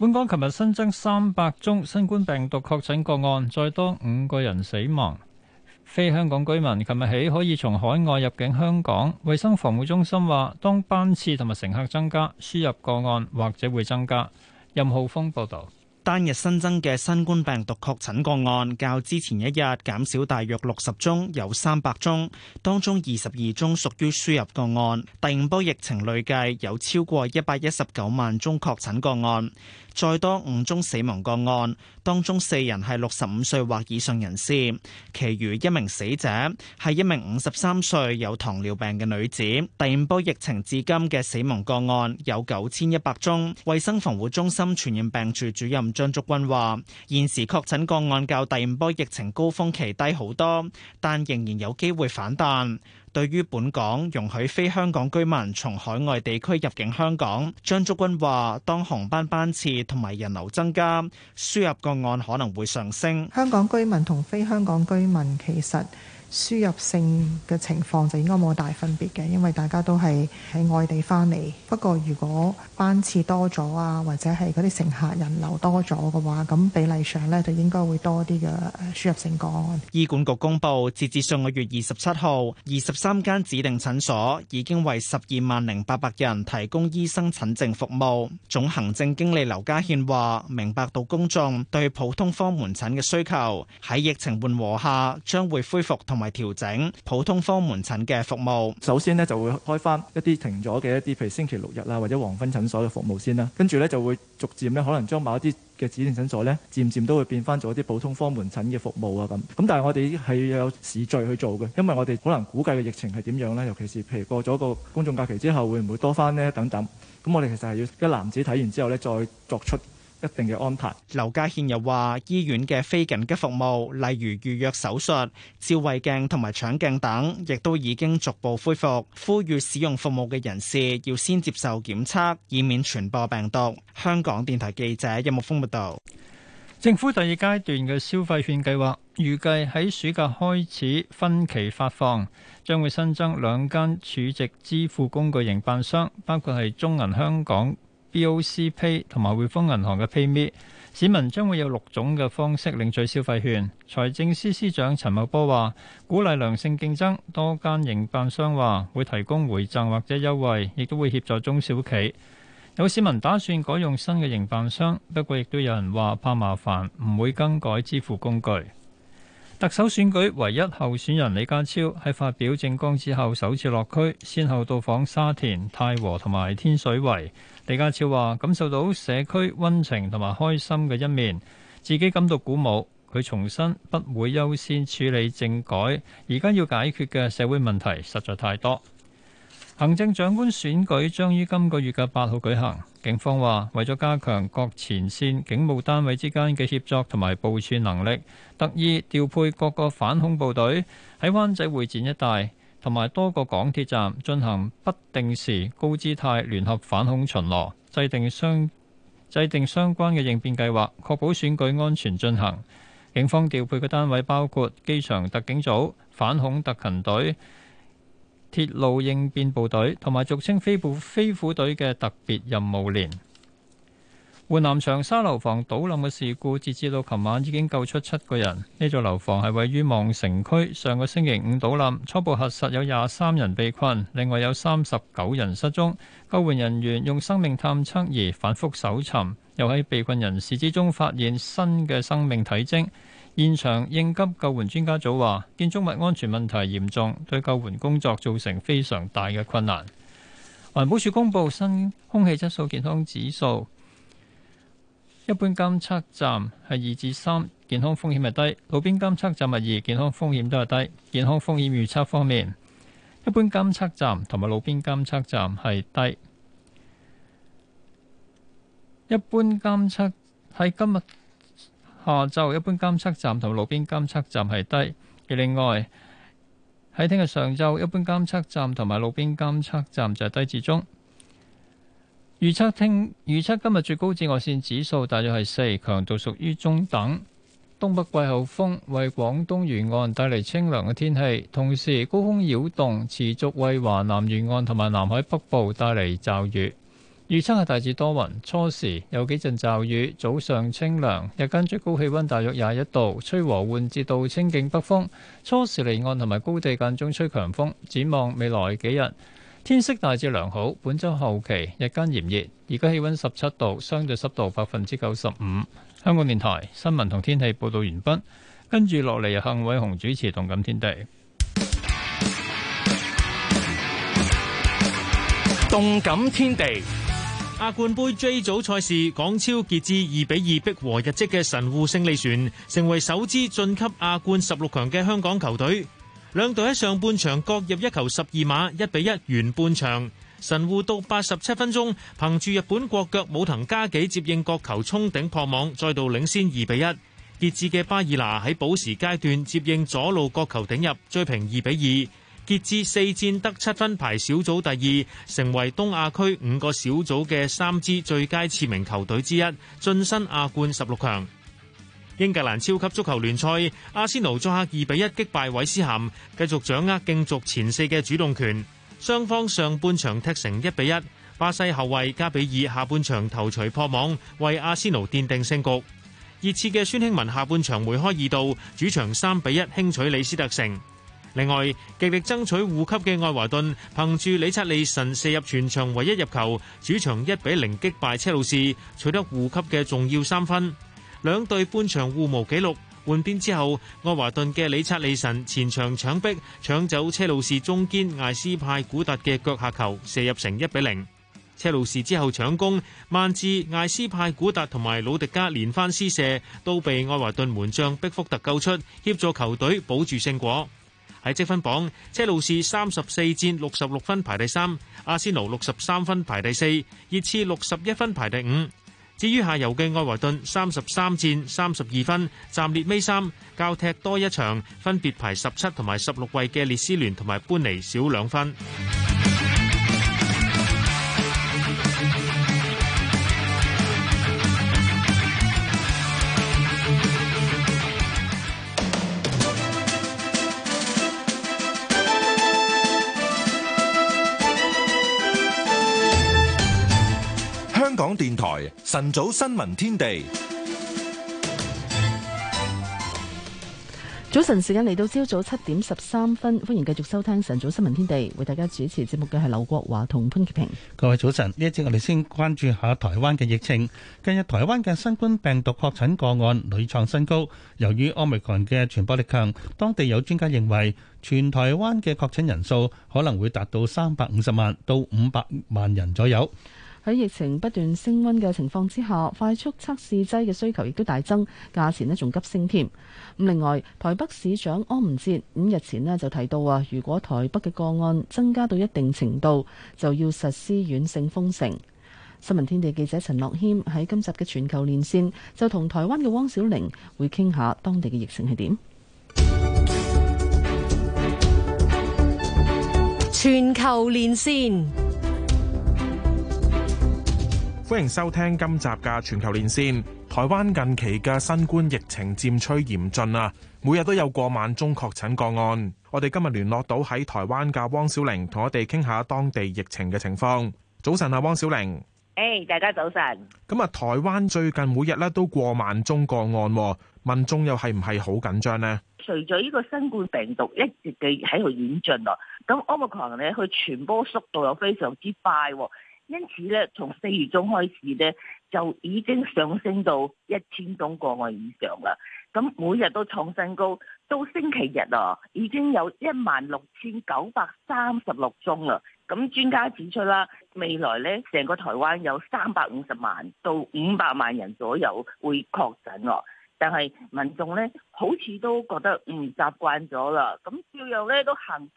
本港琴日新增三百宗新冠病毒確診個案，再多五個人死亡。非香港居民，琴日起可以從海外入境香港。衛生防護中心話，當班次同埋乘客增加，輸入個案或者會增加。任浩峰報道。單日新增嘅新冠病毒確診個案較之前一日減少大約六十宗，有三百宗當中二十二宗屬於輸入個案。第五波疫情累計有超過一百一十九萬宗確診個案。再多五宗死亡個案，當中四人係六十五歲或以上人士，其餘一名死者係一名五十三歲有糖尿病嘅女子。第五波疫情至今嘅死亡個案有九千一百宗。衛生防護中心傳染病處主任張竹君話，現時確診個案較第五波疫情高峰期低好多，但仍然有機會反彈。對於本港容許非香港居民從海外地區入境香港，張竹君話：當航班班次同埋人流增加，輸入個案可能會上升。香港居民同非香港居民其實。輸入性嘅情況就應該冇大分別嘅，因為大家都係喺外地翻嚟。不過如果班次多咗啊，或者係嗰啲乘客人流多咗嘅話，咁比例上呢，就應該會多啲嘅輸入性個案。醫管局公布，截至上個月二十七號，二十三間指定診所已經為十二萬零八百人提供醫生診症服務。總行政經理劉家獻話：明白到公眾對普通科門診嘅需求喺疫情緩和下將會恢復同。同埋調整普通科門診嘅服務，首先咧就會開翻一啲停咗嘅一啲，譬如星期六日啦、啊，或者黃昏診所嘅服務先啦、啊。跟住咧就會逐漸咧，可能將某一啲嘅指定診所咧，漸漸都會變翻做一啲普通科門診嘅服務啊咁。咁但係我哋係要有時序去做嘅，因為我哋可能估計嘅疫情係點樣咧？尤其是譬如過咗個公眾假期之後，會唔會多翻咧？等等。咁我哋其實係要一攬子睇完之後咧，再作出一定嘅安排。劉家憲又話：醫院嘅非緊急服務，例如預約手術、照胃鏡同埋腸鏡等，亦都已經逐步恢復。呼籲使用服務嘅人士要先接受檢測，以免傳播病毒。香港電台記者任木峰報道。政府第二階段嘅消費券計劃預計喺暑假開始分期發放，將會新增兩間儲值支付工具營辦商，包括係中銀香港，BoC Pay 同埋匯豐銀行嘅 PayMe，市民將會有六種嘅方式領取消費券。財政司司長陳茂波話，鼓勵良性競爭，多間營辦商話會提供回贈或者優惠，亦都會協助中小企。有市民打算改用新嘅營辦商，不過亦都有人話怕麻煩，唔會更改支付工具。特首選舉唯一候選人李家超喺發表政綱之後首次落區，先後到訪沙田、太和同埋天水圍。李家超話感受到社區溫情同埋開心嘅一面，自己感到鼓舞。佢重申不會優先處理政改，而家要解決嘅社會問題實在太多。行政長官選舉將於今個月嘅八號舉行。警方話為咗加強各前線警務單位之間嘅協作同埋部署能力，特意調配各個反恐部隊喺灣仔會展一帶。同埋多個港鐵站進行不定時高姿態聯合反恐巡邏，制定相制定相關嘅應變計劃，確保選舉安全進行。警方調配嘅單位包括機場特警組、反恐特勤隊、鐵路應變部隊，同埋俗稱飛部飛虎隊嘅特別任務連。湖南長沙樓房倒冧嘅事故，截至到琴晚已經救出七個人。呢座樓房係位於望城區，上個星期五倒冧，初步核實有廿三人被困，另外有三十九人失蹤。救援人員用生命探測儀反覆搜尋，又喺被困人士之中發現新嘅生命體徵。現場應急救援專家組話，建築物安全問題嚴重，對救援工作造成非常大嘅困難。環保署公布新空氣質素健康指數。一般監測站係二至三，健康風險係低；路邊監測站係二，健康風險都係低。健康風險預測方面，一般監測站同埋路邊監測站係低。一般監測喺今日下晝，一般監測站同路邊監測站係低。而另外喺聽日上晝，一般監測站同埋路邊監測站就係低至中。預測聽預測今日最高紫外線指數大約係四，強度屬於中等。東北季候風為廣東沿岸帶嚟清涼嘅天氣，同時高空擾動持續為華南沿岸同埋南海北部帶嚟驟雨。預測係大致多雲，初時有幾陣驟雨，早上清涼，日間最高氣温大約廿一度，吹和緩至到清勁北風。初時離岸同埋高地間中吹強風。展望未來幾日。天色大致良好，本周後期日間炎熱，而家氣溫十七度，相對濕度百分之九十五。香港電台新聞同天氣報道完畢，跟住落嚟，幸偉雄主持《動感天地》。《動感天地》亞冠盃 J 組賽事，港超傑志二比二逼和日職嘅神戶勝利船，成為首支晉級亞冠十六強嘅香港球隊。兩隊喺上半場各入一球十二碼，一比一完半場。神戶到八十七分鐘，憑住日本國腳武藤嘉紀接應角球衝頂破網，再度領先二比一。傑志嘅巴爾拿喺補時階段接應左路角球頂入，追平二比二。傑志四戰得七分排小組第二，成為東亞區五個小組嘅三支最佳次名球隊之一，晉身亞冠十六強。英格蘭超級足球聯賽，阿仙奴作客二比一擊敗韋斯咸，繼續掌握競逐前四嘅主動權。雙方上半場踢成一比一，巴西後衛加比爾下半場頭槌破網，為阿仙奴奠定勝局。熱刺嘅孫興文下半場梅開二度，主場三比一輕取李斯特城。另外，極力爭取護級嘅愛華頓，憑住理察利神射入全場唯一入球，主場一比零擊敗車路士，取得護級嘅重要三分。兩隊半場互無紀錄，換邊之後，愛華頓嘅里察里神前場搶逼搶走車路士中堅艾斯派古達嘅腳下球，射入成一比零。車路士之後搶攻，萬智、艾斯派古達同埋魯迪加連番施射，都被愛華頓門將逼福特救出，協助球隊保住勝果。喺積分榜，車路士三十四戰六十六分排第三，阿仙奴六十三分排第四，熱刺六十一分排第五。至於下游嘅愛華頓，三十三戰三十二分，暫列尾三，較踢多一場，分別排十七同埋十六位嘅列斯聯同埋搬尼少兩分。電台晨早新聞天地，早晨時間嚟到，朝早七點十三分，歡迎繼續收聽晨早新聞天地，為大家主持節目嘅係劉國華同潘潔平。各位早晨，呢一節我哋先關注下台灣嘅疫情。近日台灣嘅新冠病毒確診個案屢創新高，由於 Omicron 嘅傳播力強，當地有專家認為，全台灣嘅確診人數可能會達到三百五十萬到五百萬人左右。喺疫情不斷升溫嘅情況之下，快速測試劑嘅需求亦都大增，價錢咧仲急升添。咁另外，台北市長柯文哲五日前咧就提到話，如果台北嘅個案增加到一定程度，就要實施遠性封城。新聞天地記者陳樂謙喺今集嘅全球連線就同台灣嘅汪小玲會傾下當地嘅疫情係點。全球連線。歡迎收聽今集嘅全球連線。台灣近期嘅新冠疫情漸趨嚴峻啊，每日都有過萬宗確診個案。我哋今日聯絡到喺台灣嘅汪小玲，同我哋傾下當地疫情嘅情況。早晨啊，汪小玲。誒，hey, 大家早晨。咁啊，台灣最近每日咧都過萬宗個案，民眾又係唔係好緊張呢？除咗呢個新冠病毒一直嘅喺度演進啊，咁 Omicron 咧，佢傳播速度又非常之快。因此咧，從四月中開始咧，就已經上升到一千宗個案以上啦。咁每日都創新高，到星期日啊，已經有一萬六千九百三十六宗啦。咁專家指出啦，未來咧，成個台灣有三百五十萬到五百萬人左右會確診喎。但係民眾咧，好似都覺得唔、嗯、習慣咗啦。咁照樣咧都行街，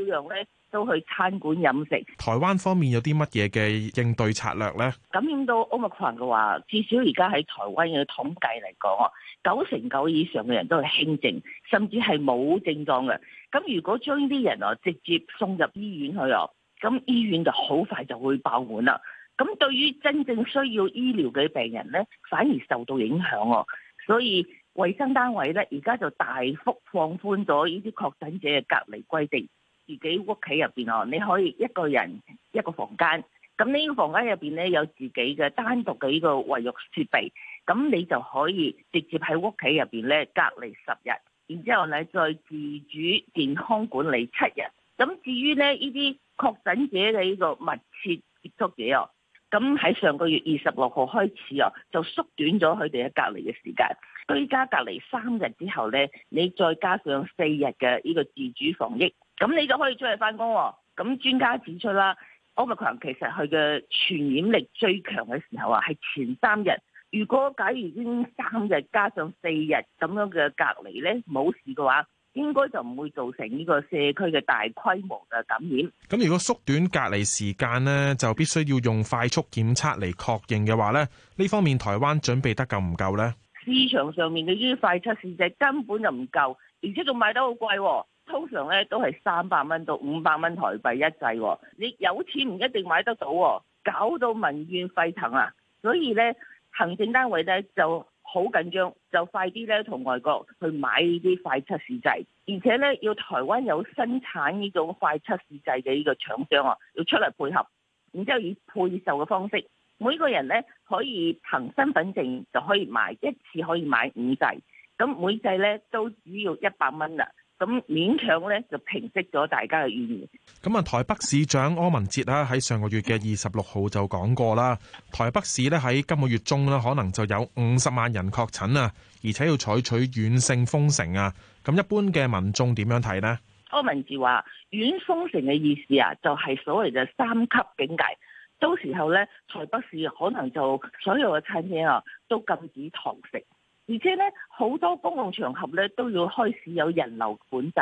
照樣咧都去餐館飲食。台灣方面有啲乜嘢嘅應對策略咧？感染、嗯、到 Omicron 嘅話，至少而家喺台灣嘅統計嚟講，九成九以上嘅人都係輕症，甚至係冇症狀嘅。咁如果將呢啲人哦直接送入醫院去哦，咁醫院就好快就會爆滿啦。咁對於真正需要醫療嘅病人咧，反而受到影響。所以衛生單位咧，而家就大幅放寬咗呢啲確診者嘅隔離規定，自己屋企入邊哦，你可以一個人一個房間，咁呢個房間入邊咧有自己嘅單獨嘅呢個衛浴設備，咁你就可以直接喺屋企入邊咧隔離十日，然之後咧再自主健康管理七日。咁至於咧呢啲確診者嘅呢個密切接觸者哦。咁喺上個月二十六號開始啊，就縮短咗佢哋嘅隔離嘅時間，居家隔離三日之後呢，你再加上四日嘅呢個自主防疫，咁你就可以出去翻工。咁專家指出啦，奧密克戎其實佢嘅傳染力最強嘅時候啊，係前三日。如果假如已經三日加上四日咁樣嘅隔離呢，冇事嘅話，應該就唔會造成呢個社區嘅大規模嘅感染。咁如果縮短隔離時間呢，就必須要用快速檢測嚟確認嘅話呢，呢方面台灣準備得夠唔夠呢？市場上面嘅呢啲快測試劑根本就唔夠，而且仲賣得好貴啊，通常呢都係三百蚊到五百蚊台幣一劑啊。你有錢唔一定買得到啊，搞到民怨沸騰啊！所以呢，行政單位咧就。好緊張，就快啲咧同外國去買呢啲快測試劑，而且咧要台灣有生產呢種快測試劑嘅呢個廠商啊，要出嚟配合，然之後以配售嘅方式，每個人咧可以憑身份證就可以買一次，可以買五劑，咁每劑咧都只要一百蚊啦。咁勉強咧就平息咗大家嘅怨言。咁啊，台北市長柯文哲啦，喺上個月嘅二十六號就講過啦，台北市呢喺今個月中呢可能就有五十萬人確診啊，而且要採取軟性封城啊。咁一般嘅民眾點樣睇呢？柯文哲話：軟封城嘅意思啊，就係所謂嘅三級警戒。到時候呢，台北市可能就所有嘅餐廳啊都禁止堂食。而且咧，好多公共場合咧都要開始有人流管制，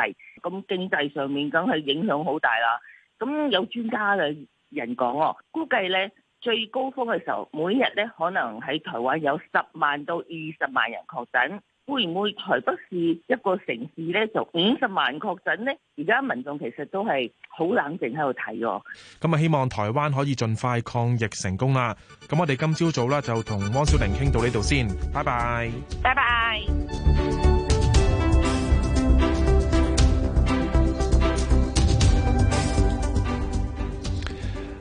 咁經濟上面梗係影響好大啦。咁有專家嘅人講，估計咧最高峰嘅時候，每日咧可能喺台灣有十萬到二十萬人確診。會唔會台北市一個城市呢？就五十萬確診呢？而家民眾其實都係好冷靜喺度睇。咁啊，希望台灣可以盡快抗疫成功啦！咁我哋今朝早啦就同汪小玲傾到呢度先，拜拜，拜拜 bye。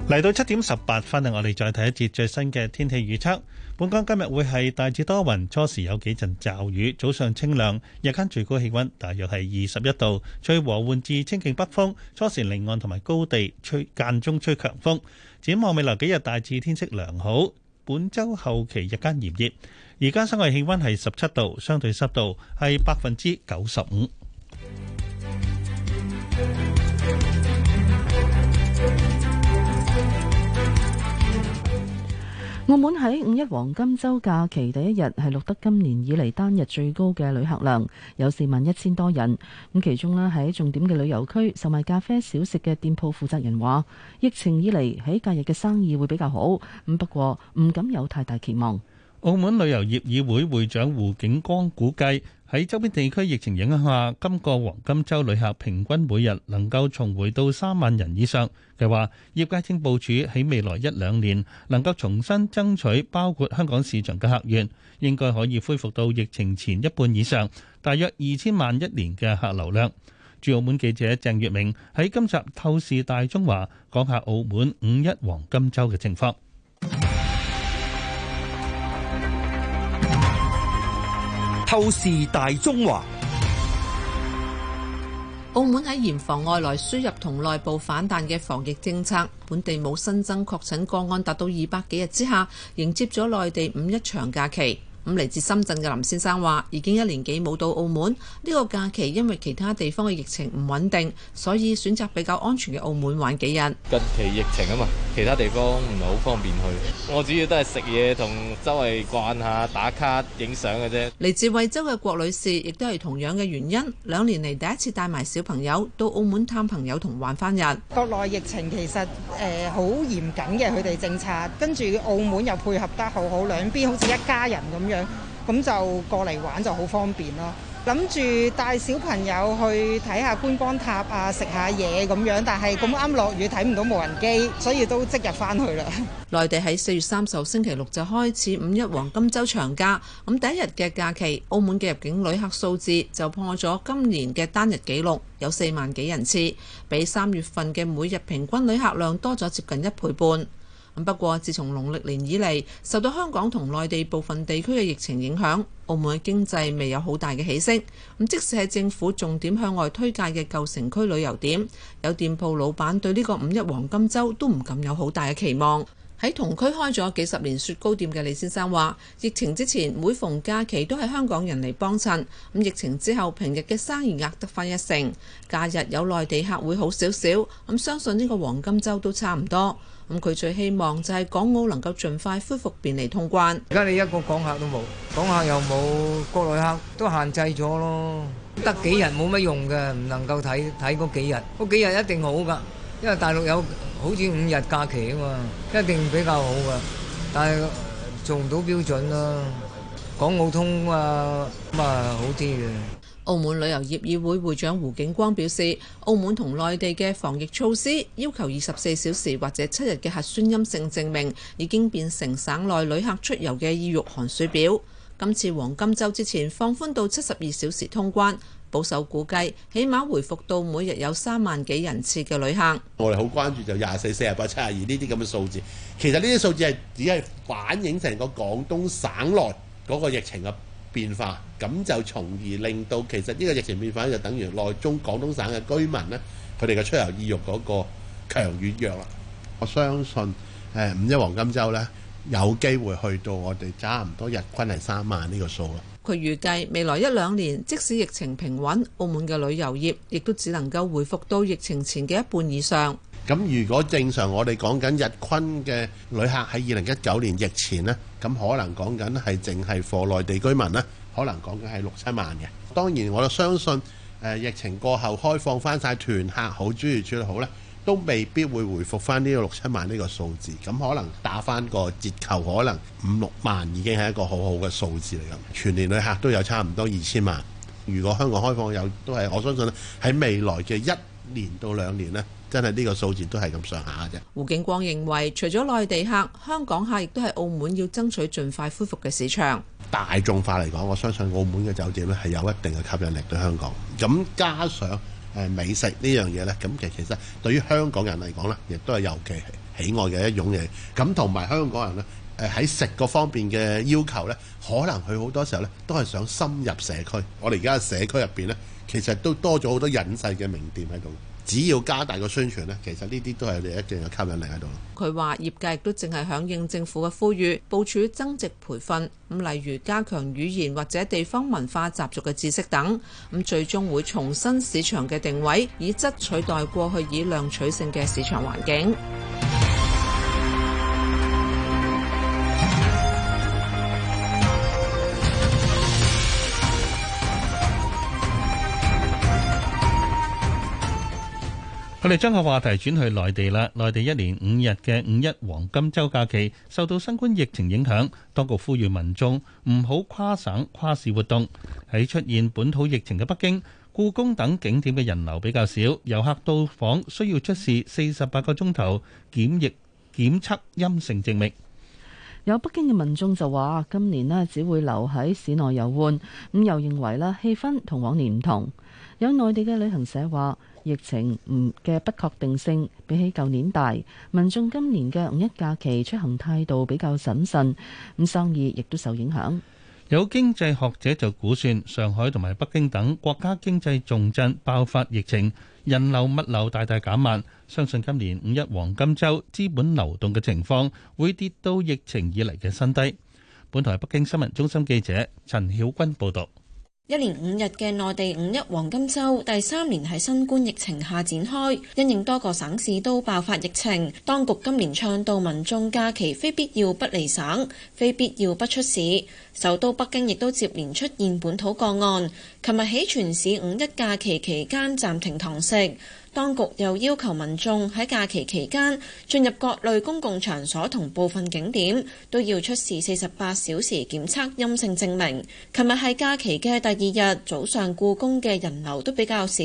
嚟到七點十八分啊，我哋再睇一節最新嘅天氣預測。本港今日會係大致多雲，初時有幾陣驟雨，早上清涼，日間最高氣溫大約係二十一度，吹和緩至清勁北風，初時離岸同埋高地吹間中吹強風。展望未來幾日大致天色良好，本周後期日間炎熱。而家室外氣溫係十七度，相對濕度係百分之九十五。澳門喺五一黃金周假期第一日係錄得今年以嚟單日最高嘅旅客量，有四萬一千多人。咁其中咧喺重點嘅旅遊區售賣咖啡小食嘅店鋪負責人話，疫情以嚟喺假日嘅生意會比較好。咁不過唔敢有太大期望。澳門旅遊業議會會長胡景光估計。喺周邊地區疫情影響下，今個黃金週旅客平均每日能夠重回到三萬人以上。佢話，業界正部署喺未來一兩年能夠重新爭取包括香港市場嘅客源，應該可以恢復到疫情前一半以上，大約二千萬一年嘅客流量。駐澳門記者鄭月明喺今集《透視大中華》講下澳門五一黃金週嘅情況。透視大中華。澳門喺嚴防外來輸入同內部反彈嘅防疫政策，本地冇新增確診個案，達到二百幾日之下，迎接咗內地五一長假期。咁嚟自深圳嘅林先生話，已經一年幾冇到澳門，呢個假期因為其他地方嘅疫情唔穩定，所以選擇比較安全嘅澳門玩幾日。近期疫情啊嘛，其他地方唔係好方便去。我主要都係食嘢同周圍逛下、打卡、影相嘅啫。嚟自惠州嘅郭女士亦都係同樣嘅原因，兩年嚟第一次帶埋小朋友到澳門探朋友同玩翻日。國內疫情其實誒好嚴謹嘅，佢哋政策跟住澳門又配合得好好，兩邊好似一家人咁樣。咁就過嚟玩就好方便咯，諗住帶小朋友去睇下觀光塔啊，食下嘢咁樣，但係咁啱落雨睇唔到無人機，所以都即日返去啦。內地喺四月三十號星期六就開始五一黃金週長假，咁第一日嘅假期，澳門嘅入境旅客數字就破咗今年嘅單日紀錄，有四萬幾人次，比三月份嘅每日平均旅客量多咗接近一倍半。不過，自從農曆年以嚟，受到香港同內地部分地區嘅疫情影響，澳門嘅經濟未有好大嘅起色。咁即使係政府重點向外推介嘅舊城區旅遊點，有店鋪老闆對呢個五一黃金周都唔敢有好大嘅期望。喺同區開咗幾十年雪糕店嘅李先生話，疫情之前每逢假期都係香港人嚟幫襯，咁疫情之後平日嘅生意額得翻一成，假日有內地客會好少少，咁相信呢個黃金周都差唔多。咁佢最希望就係港澳能夠盡快恢復便利通關。而家你一個港客都冇，港客又冇，國內客都限制咗咯。得幾日冇乜用嘅，唔能夠睇睇嗰幾日，嗰幾日一定好噶，因為大陸有好似五日假期啊嘛，一定比較好噶。但係做唔到標準啦，港澳通啊咁啊好啲嘅。澳門旅遊業議會會長胡景光表示，澳門同內地嘅防疫措施要求二十四小時或者七日嘅核酸陰性證明，已經變成省內旅客出遊嘅意欲寒暑表。今次黃金周之前放寬到七十二小時通關，保守估計起碼回復到每日有三萬幾人次嘅旅客。我哋好關注就廿四、四十八、七十二呢啲咁嘅數字，其實呢啲數字係只係反映成個廣東省內嗰個疫情嘅。變化，咁就從而令到其實呢個疫情變化，就等於內中廣東省嘅居民呢，佢哋嘅出遊意欲嗰個強與弱啦。嗯、我相信誒五一黃金周呢，有機會去到我哋差唔多日均係三萬呢個數啦。佢預計未來一兩年，即使疫情平穩，澳門嘅旅遊業亦都只能夠回復到疫情前嘅一半以上。咁如果正常，我哋講緊日均嘅旅客喺二零一九年疫前咧？咁可能講緊係淨係放內地居民咧，可能講緊係六七萬嘅。當然我都相信誒、呃、疫情過後開放翻晒團客好，主義主義好諸如處理好咧，都未必會回覆翻呢個六七萬呢個數字。咁可能打翻個折扣，可能五六萬已經係一個好好嘅數字嚟。咁全年旅客都有差唔多二千萬。如果香港開放有都係，我相信咧喺未來嘅一年到兩年呢。真係呢個數字都係咁上下嘅啫。胡景光認為，除咗內地客，香港客亦都係澳門要爭取盡快恢復嘅市場。大眾化嚟講，我相信澳門嘅酒店呢係有一定嘅吸引力對香港。咁加上誒美食呢樣嘢呢，咁其其實對於香港人嚟講呢，亦都係尤其係喜愛嘅一種嘢。咁同埋香港人呢，誒喺食嗰方面嘅要求呢，可能佢好多時候呢都係想深入社區。我哋而家社區入邊呢，其實都多咗好多隱世嘅名店喺度。只要加大個宣傳呢，其實呢啲都係你一定嘅吸引力喺度。佢話業界亦都淨係響應政府嘅呼籲，部署增值培訓，咁例如加強語言或者地方文化習俗嘅知識等，咁最終會重新市場嘅定位，以質取代過去以量取勝嘅市場環境。佢哋將個話題轉去內地啦。內地一年五日嘅五一黃金周假期，受到新冠疫情影響，當局呼籲民眾唔好跨省跨市活動。喺出現本土疫情嘅北京，故宮等景點嘅人流比較少，遊客到訪需要出示四十八個鐘頭檢疫檢測陰性證明。有北京嘅民眾就話：今年呢只會留喺市內遊玩。咁又認為呢氣氛同往年唔同。有內地嘅旅行社話。疫情唔嘅不確定性比起舊年大，民眾今年嘅五一假期出行態度比較審慎，咁生意亦都受影響。有經濟學者就估算，上海同埋北京等國家經濟重鎮爆發疫情，人流物流大大減慢，相信今年五一黃金週資本流動嘅情況會跌到疫情以嚟嘅新低。本台北京新聞中心記者陳曉君報道。一連五日嘅內地五一黃金周第三年喺新冠疫情下展開，因應多個省市都爆發疫情，當局今年倡導民眾假期非必要不離省、非必要不出市。首都北京亦都接連出現本土個案，琴日起全市五一假期期間暫停堂食。當局又要求民眾喺假期期間進入各類公共場所同部分景點，都要出示四十八小時檢測陰性證明。琴日係假期嘅第二日早上，故宮嘅人流都比較少，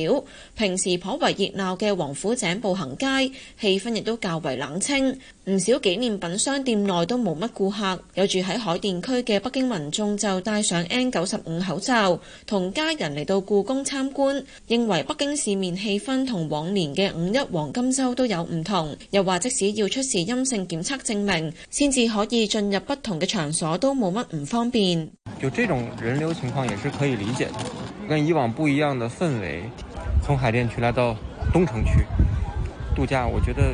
平時頗為熱鬧嘅王府井步行街氣氛亦都較為冷清。唔少紀念品商店內都冇乜顧客，有住喺海淀區嘅北京民眾就戴上 N 九十五口罩，同家人嚟到故宮參觀，認為北京市面氣氛同往年嘅五一黃金周都有唔同，又話即使要出示陰性檢測證明先至可以進入不同嘅場所，都冇乜唔方便。就這種人流情況也是可以理解嘅，跟以往不一樣的氛圍。從海淀區來到東城區度假，我覺得。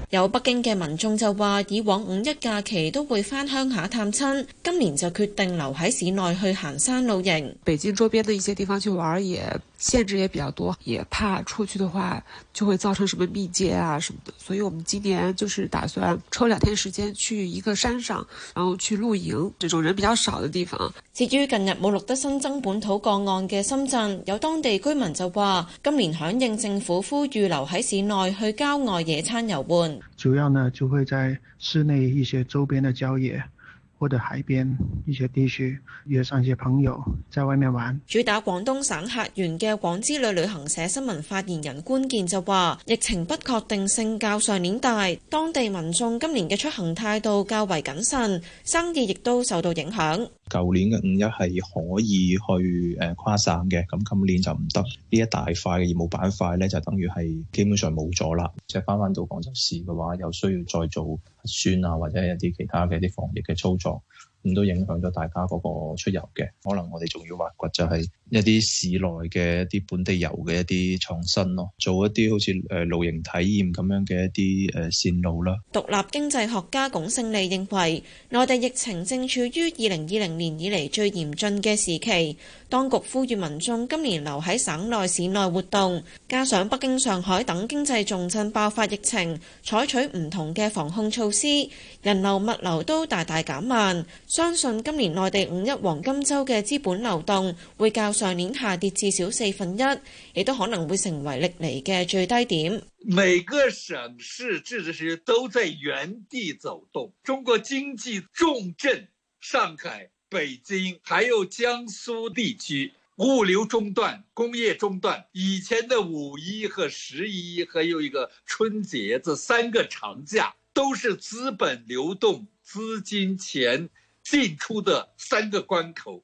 有北京嘅民眾就話：以往五一假期都會返鄉下探親，今年就決定留喺市內去行山露營。北京周邊的一些地方去玩，也限制也比較多，也怕出去的話就會造成什麼密接啊什麼的。所以我們今年就是打算抽兩天時間去一個山上，然後去露營這種人比較少的地方。至於近日冇錄得新增本土個案嘅深圳，有當地居民就話：今年響應政府呼籲，留喺市內去郊外野餐遊玩。主要呢就會在市內一些周邊的郊野。我哋海邊一些地區約上一些朋友在外面玩。主打廣東省客源嘅廣之旅旅行社新聞發言人官健就話：疫情不確定性較上年大，當地民眾今年嘅出行態度較為謹慎，生意亦都受到影響。舊年嘅五一係可以去誒跨省嘅，咁今年就唔得。呢一大塊嘅業務板塊咧就等於係基本上冇咗啦，即係翻翻到廣州市嘅話，有需要再做。酸啊，或者一啲其他嘅一啲防疫嘅操作，咁都影響咗大家嗰個出遊嘅。可能我哋仲要挖掘就係、是。一啲市內嘅一啲本地遊嘅一啲創新咯，做一啲好似誒露營體驗咁樣嘅一啲誒線路啦。獨立經濟學家龔勝利認為，內地疫情正處於二零二零年以嚟最嚴峻嘅時期，當局呼籲民眾今年留喺省內市內活動，加上北京、上海等經濟重鎮爆發疫情，採取唔同嘅防控措施，人流物流都大大減慢，相信今年內地五一黃金週嘅資本流動會較上年下跌至少四分一，亦都可能會成為歷嚟嘅最低點。每個省市自治區都在原地走動。中國經濟重鎮上海、北京，還有江蘇地區，物流中斷、工業中斷。以前的五一和十一，還有一個春節，這三個長假都是資本流動、資金錢進出的三個關口。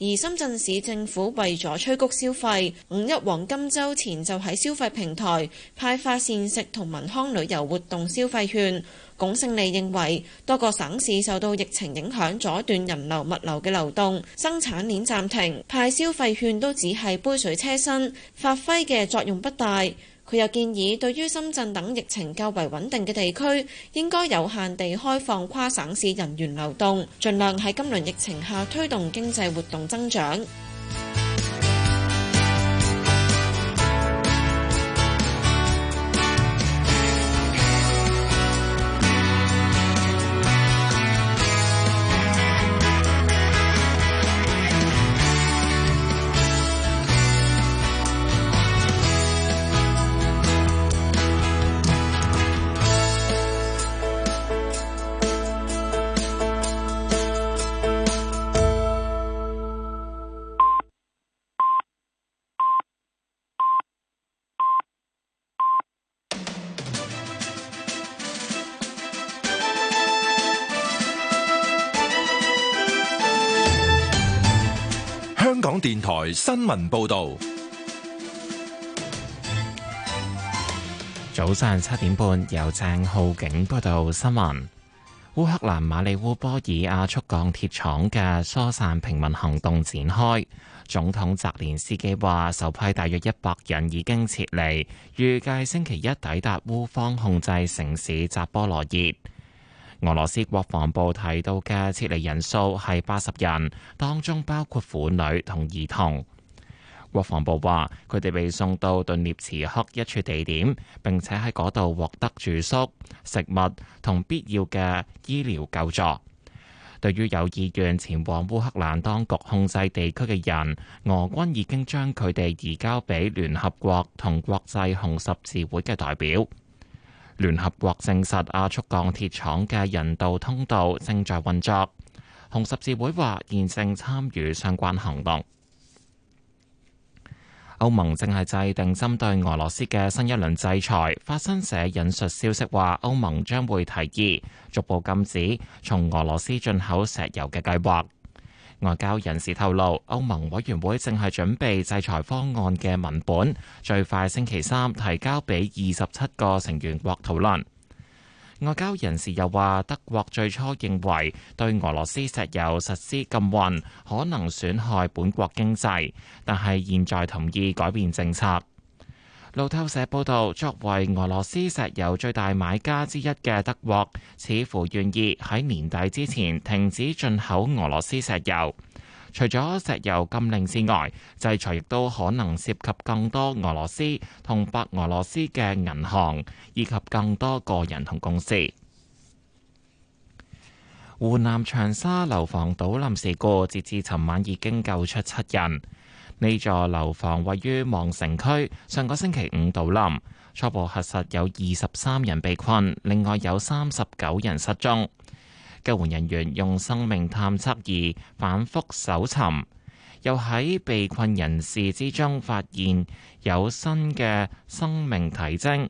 而深圳市政府為咗催谷消費，五一黃金周前就喺消費平台派發膳食同文康旅遊活動消費券。龔勝利認為，多個省市受到疫情影響阻斷人流物流嘅流動，生產鏈暫停，派消費券都只係杯水車薪，發揮嘅作用不大。佢又建議，對於深圳等疫情較為穩定嘅地區，應該有限地開放跨省市人員流動，盡量喺今輪疫情下推動經濟活動增長。台新聞報道，早上七點半由鄭浩景報道新聞。烏克蘭馬里烏波爾亞速鋼鐵廠嘅疏散平民行動展開。總統澤連斯基話，首批大約一百人已經撤離，預計星期一抵達烏方控制城市扎波羅熱。俄羅斯國防部提到嘅撤離人數係八十人，當中包括婦女同兒童。國防部話佢哋被送到頓涅茨克一處地點，並且喺嗰度獲得住宿、食物同必要嘅醫療救助。對於有意願前往烏克蘭當局控制地區嘅人，俄軍已經將佢哋移交俾聯合國同國際紅十字會嘅代表。聯合國證實亞速鋼鐵廠嘅人道通道正在運作。紅十字會話現正參與相關行動。歐盟正係制定針對俄羅斯嘅新一輪制裁。法新社引述消息話，歐盟將會提議逐步禁止從俄羅斯進口石油嘅計劃。外交人士透露，歐盟委員會正係準備制裁方案嘅文本，最快星期三提交俾二十七個成員國討論。外交人士又話，德國最初認為對俄羅斯石油實施禁運可能損害本國經濟，但係現在同意改變政策。路透社報道，作為俄羅斯石油最大買家之一嘅德國，似乎願意喺年底之前停止進口俄羅斯石油。除咗石油禁令之外，制裁亦都可能涉及更多俄羅斯同白俄羅斯嘅銀行，以及更多個人同公司。湖南長沙樓房倒冧事故，截至尋晚已經救出七人。呢座樓房位於望城區，上個星期五倒冧，初步核實有二十三人被困，另外有三十九人失蹤。救援人員用生命探測儀反覆搜尋，又喺被困人士之中發現有新嘅生命體徵。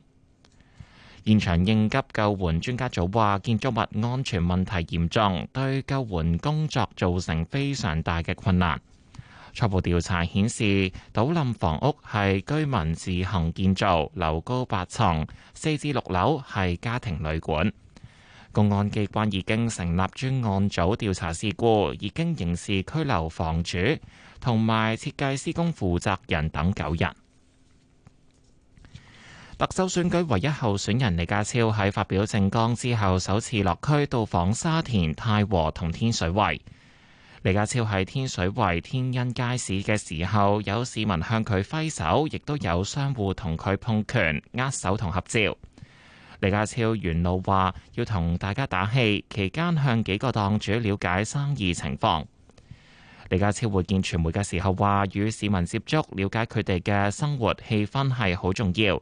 現場應急救援專家組話：建築物安全問題嚴重，對救援工作造成非常大嘅困難。初步調查顯示，倒冧房屋係居民自行建造，樓高八層，四至六樓係家庭旅館。公安機關已經成立專案組調查事故，已經刑事拘留房主，同埋設計施工負責人等九人。特首選舉唯一候選人李家超喺發表政綱之後，首次落區到訪沙田、太和同天水圍。李家超喺天水圍天恩街市嘅時候，有市民向佢揮手，亦都有商戶同佢碰拳、握手同合照。李家超沿路話要同大家打氣，期間向幾個檔主了解生意情況。李家超會見傳媒嘅時候話，與市民接觸、了解佢哋嘅生活氣氛係好重要。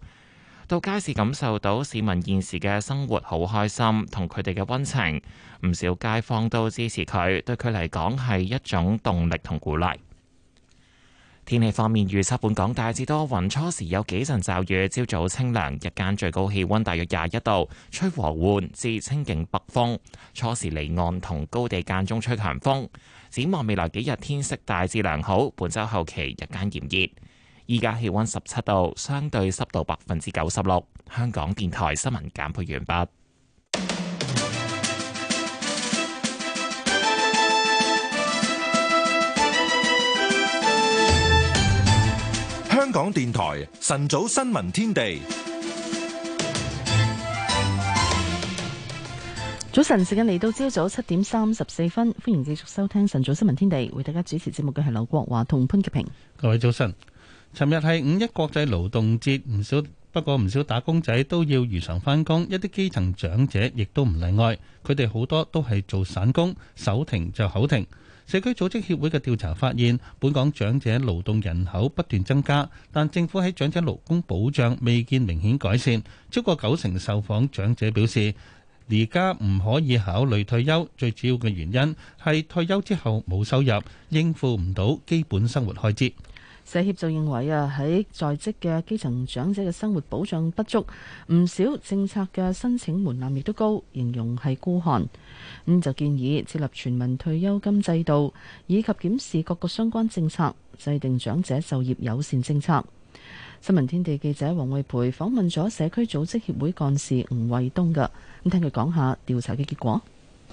到街市感受到市民現時嘅生活好開心，同佢哋嘅溫情，唔少街坊都支持佢，對佢嚟講，係一種動力同鼓勵。天氣方面預測，本港大致多雲，初時有幾陣驟雨，朝早清涼，日間最高氣溫大約廿一度，吹和緩至清勁北風，初時離岸同高地間中吹強風，展望未來幾日天色大致良好，本周後期日間炎熱。依家氣温十七度，相對濕度百分之九十六。香港電台新聞簡報完畢。香港電台晨早新聞天地。早晨時間嚟到朝早七點三十四分，歡迎繼續收聽晨早新聞天地。為大家主持節目嘅係劉國華同潘潔平。各位早晨。尋日係五一國際勞動節，唔少不過唔少打工仔都要如常返工，一啲基層長者亦都唔例外。佢哋好多都係做散工，手停就口停。社區組織協會嘅調查發現，本港長者勞動人口不斷增加，但政府喺長者勞工保障未見明顯改善。超過九成受訪長者表示，而家唔可以考慮退休，最主要嘅原因係退休之後冇收入，應付唔到基本生活開支。社協就認為啊，喺在職嘅基層長者嘅生活保障不足，唔少政策嘅申請門檻亦都高，形容係孤寒。咁就建議設立全民退休金制度，以及檢視各個相關政策，制定長者就業友善政策。新聞天地記者黃惠培訪問咗社區組織協會幹事吳衛東噶咁，聽佢講下調查嘅結果。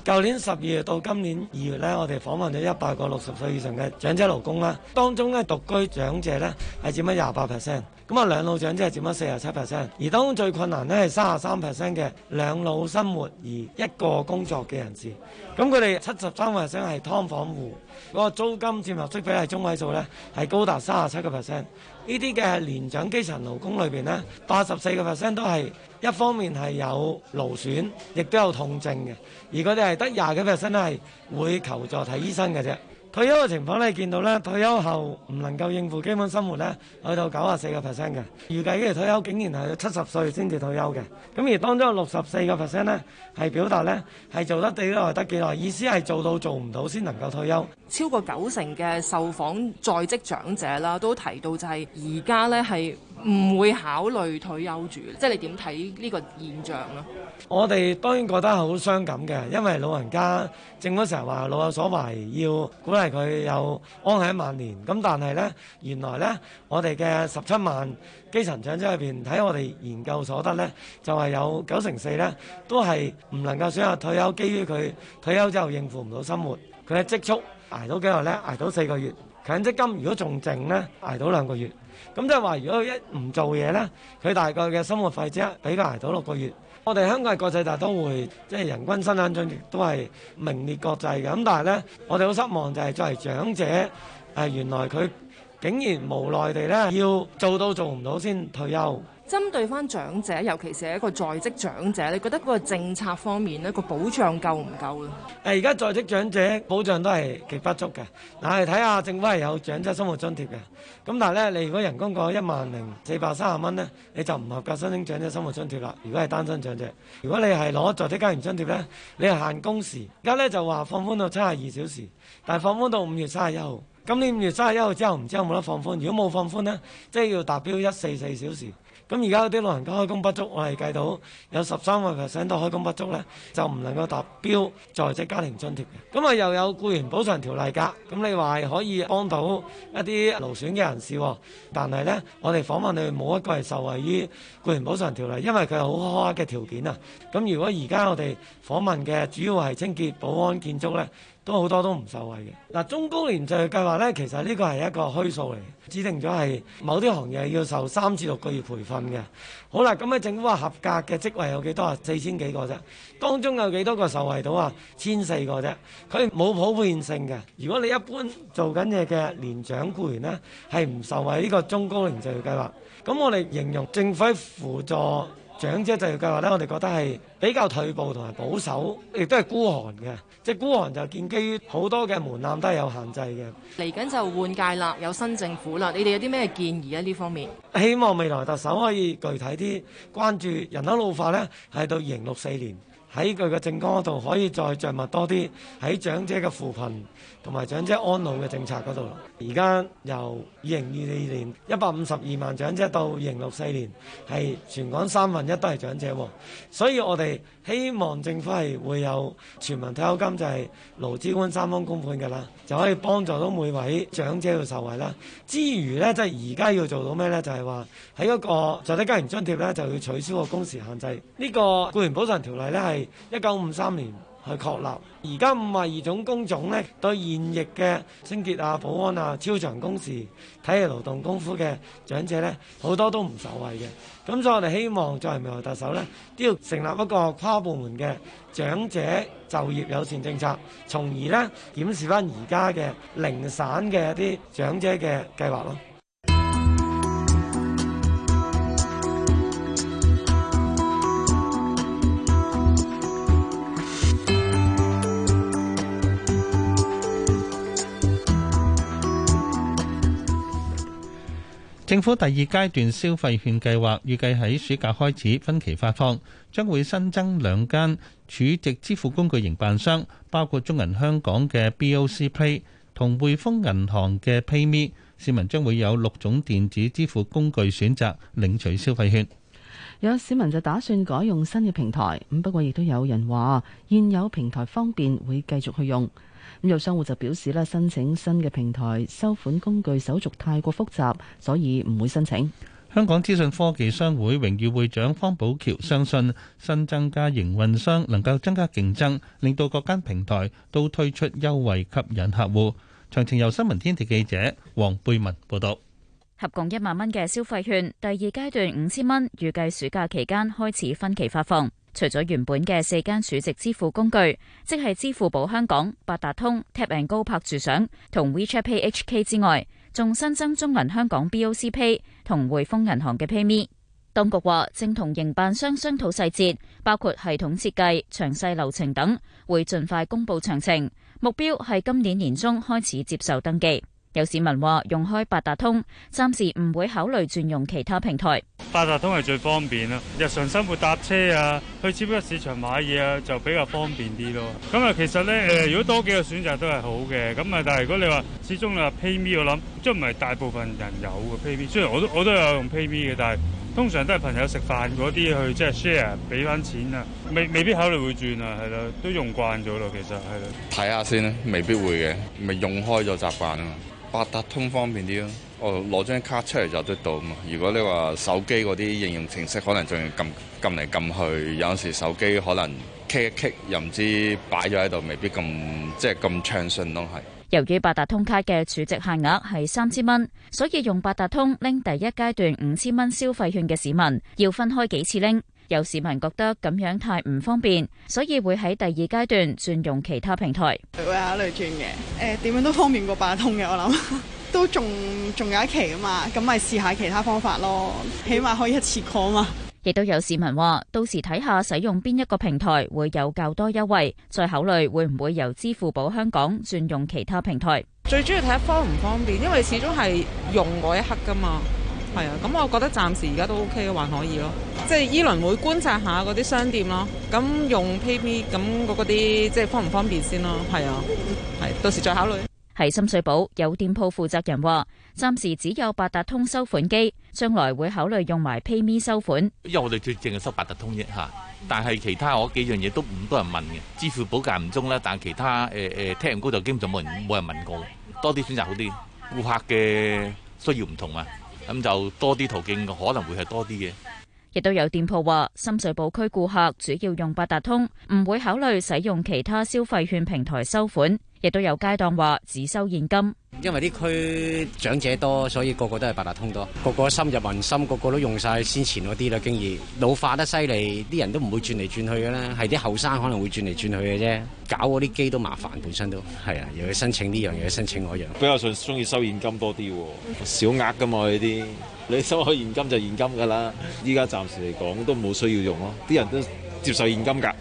舊年十二月到今年二月呢，我哋訪問咗一百個六十歲以上嘅長者勞工啦。當中呢，獨居長者呢係佔咗廿八 percent，咁啊兩老長者佔咗四十七 percent。而當中最困難呢係三十三 percent 嘅兩老生活而一個工作嘅人士。咁佢哋七十三 percent 係劏房戶，嗰個租金佔入息比例中位數呢，係高達三十七個 percent。呢啲嘅年長基層勞工裏面呢，咧，八十四個 percent 都係一方面係有勞損，亦都有痛症嘅。而嗰啲係得廿幾個 percent 咧，係會求助睇醫生嘅啫。退休嘅情況咧，你見到咧退休後唔能夠應付基本生活咧，去到九啊四個 percent 嘅預計呢個退休，竟然係七十歲先至退休嘅。咁而當中六十四個 percent 咧，係表達咧係做得幾耐得幾耐，意思係做到做唔到先能夠退休。超過九成嘅受訪在職長者啦，都提到就係而家咧係。唔會考慮退休住，即係你點睇呢個現象咧？我哋當然覺得好傷感嘅，因為老人家政府成日話老有所為，要鼓勵佢有安享萬年。咁但係呢，原來呢，我哋嘅十七萬基層長者入邊，睇我哋研究所得呢，就係有九成四呢，都係唔能夠選擇退休，基於佢退休之後應付唔到生活。佢嘅積蓄捱到幾耐呢？捱到四個月，強積金如果仲剩呢，捱到兩個月。咁即係話，如果佢一唔做嘢咧，佢大概嘅生活費只係畀佢捱到六個月。我哋香港係國際大都會，即係人均生產進亦都係名列前茅嘅。咁但係咧，我哋好失望就係作為長者，誒、啊、原來佢竟然無奈地咧要做到做唔到先退休。針對翻長者，尤其是係一個在職長者，你覺得嗰個政策方面呢，個保障夠唔夠咧？而家在，在職長者保障都係極不足嘅。嗱，嚟睇下政府係有長者生活津貼嘅。咁但係呢，你如果人工過一萬零四百三十蚊呢，你就唔合格申請長者生活津貼啦。如果係單身長者，如果你係攞在職家庭津貼呢，你係限工時。而家呢就話放寬到七十二小時，但係放寬到五月三十一號。今年五月三十一號之後，唔知有冇得放寬。如果冇放寬呢，即係要達標一四四小時。咁而家嗰啲老人家開工不足，我係計到有十三個 percent 都開工不足呢，就唔能夠達標在職家庭津貼嘅。咁啊又有雇員補償條例㗎。咁你話可以幫到一啲勞損嘅人士喎？但係呢，我哋訪問你冇一個係受惠於雇員補償條例，因為佢係好苛刻嘅條件啊。咁如果而家我哋訪問嘅主要係清潔、保安、建築呢。都好多都唔受惠嘅。嗱，中高年就業計劃呢，其實呢個係一個虛數嚟，指定咗係某啲行業要受三至六個月培訓嘅。好啦，咁咧政府話合格嘅職位有幾多啊？四千幾個啫，當中有幾多個受惠到啊？千四個啫。佢冇普遍性嘅。如果你一般做緊嘢嘅年長雇員呢，係唔受惠呢個中高年就業計劃。咁我哋形容政府輔助。長者就業計劃呢，我哋覺得係比較退步同埋保守，亦都係孤寒嘅。即係孤寒就建基於好多嘅門檻都係有限制嘅。嚟緊就換屆啦，有新政府啦，你哋有啲咩建議啊？呢方面希望未來特首可以具體啲關注人口老化呢，係到二零六四年，喺佢嘅政綱嗰度可以再着物多啲喺長者嘅扶貧。同埋長者安老嘅政策嗰度而家由二零二四年一百五十二萬長者到二零六四年係全港三分一都係長者喎，所以我哋希望政府係會有全民退休金就係勞資官三方供款嘅啦，就可以幫助到每位長者去受惠啦。之餘呢，即係而家要做到咩呢？就係話喺嗰個在職家庭津貼呢，就要取消個工時限制。呢、這個雇員保障條例呢，係一九五三年。去確立，而家五十二種工種呢，對現役嘅清潔啊、保安啊、超長工時、體力勞動功夫嘅長者呢，好多都唔受惠嘅。咁所以我哋希望作為未來特首呢，都要成立一個跨部門嘅長者就業友善政策，從而呢，檢視翻而家嘅零散嘅一啲長者嘅計劃咯。政府第二階段消費券計劃預計喺暑假開始分期發放，將會新增兩間儲值支付工具營辦商，包括中銀香港嘅 BoC Pay 同匯豐銀行嘅 PayMe，市民將會有六種電子支付工具選擇領取消費券。有市民就打算改用新嘅平台，咁不過亦都有人話現有平台方便，會繼續去用。有商戶就表示咧，申請新嘅平台收款工具手續太過複雜，所以唔會申請。香港資訊科技商會榮譽會長方保僑相信，新增加營運商能夠增加競爭，令到各間平台都推出優惠吸引客戶。詳情由新聞天地記者黃貝文報道。合共一萬蚊嘅消費券，第二階段五千蚊，預計暑假期間開始分期發放。除咗原本嘅四間儲值支付工具，即係支付寶香港、八達通、tap and go 拍住上同 WeChat Pay HK 之外，仲新增中銀香港 BoC Pay 同匯豐銀行嘅 PayMe。當局話正同營辦商商討細節，包括系統設計、詳細流程等，會盡快公布詳情。目標係今年年中開始接受登記。有市民話：用開八達通，暫時唔會考慮轉用其他平台。八達通係最方便啦，日常生活搭車啊，去超級市場買嘢啊，就比較方便啲咯。咁啊，其實咧誒，如果多幾個選擇都係好嘅。咁啊，但係如果你話始終話 PayMe 我諗，即係唔係大部分人有嘅 PayMe。Pay me，雖然我都我都有用 PayMe 嘅，但係通常都係朋友食飯嗰啲去即係 share 俾翻錢啊，未未必考慮會轉啊，係咯，都用慣咗咯，其實係啦。睇下先啦，未必會嘅，咪用開咗習慣啊嘛。八達通方便啲咯，我攞張卡出嚟就得到啊嘛。如果你話手機嗰啲應用程式，可能仲要撳撳嚟撳去，有時手機可能 kick 一 kick 又唔知擺咗喺度，未必咁即係咁暢順咯。係。由於八達通卡嘅儲值限額係三千蚊，所以用八達通拎第一階段五千蚊消費券嘅市民，要分開幾次拎。有市民覺得咁樣太唔方便，所以會喺第二階段轉用其他平台。會考慮轉嘅，誒點樣都方便過八通嘅，我諗都仲仲有一期啊嘛，咁咪試下其他方法咯，起碼可以一次過啊嘛。亦都有市民話，到時睇下使用邊一個平台會有較多優惠，再考慮會唔會由支付寶香港轉用其他平台。最主要睇方唔方便，因為始終係用嗰一刻㗎嘛。係啊，咁、嗯、我覺得暫時而家都 O、OK, K，還可以咯。即係依輪會觀察下嗰啲商店咯。咁、嗯、用 PayMe 咁、嗯、嗰啲、那個、即係方唔方便先咯。係啊，係到時再考慮。係深水埗有店鋪負責人話，暫時只有八達通收款機，將來會考慮用埋 PayMe 收款。因為我哋最淨係收八達通啫嚇、啊，但係其他我幾樣嘢都唔多人問嘅。支付寶間唔中啦，但係其他誒誒聽唔高就基本上冇人冇人問過。多啲選擇好啲，顧客嘅需要唔同啊。咁就多啲途徑可能會係多啲嘅，亦都有店鋪話，深水埗區顧客主要用八達通，唔會考慮使用其他消費券平台收款。亦都有街檔話只收現金，因為啲區長者多，所以個個都係八達通多，個個深入民心，個個都用晒先前嗰啲啦。經已老化得犀利，啲人都唔會轉嚟轉去噶啦，係啲後生可能會轉嚟轉去嘅啫。搞嗰啲機都麻煩，本身都係啊，又要申請呢樣嘢，又要申請嗰樣，比較上中意收現金多啲， 小額噶嘛呢啲，你收開現金就現金噶啦。依家暫時嚟講都冇需要用咯，啲人都接受現金噶。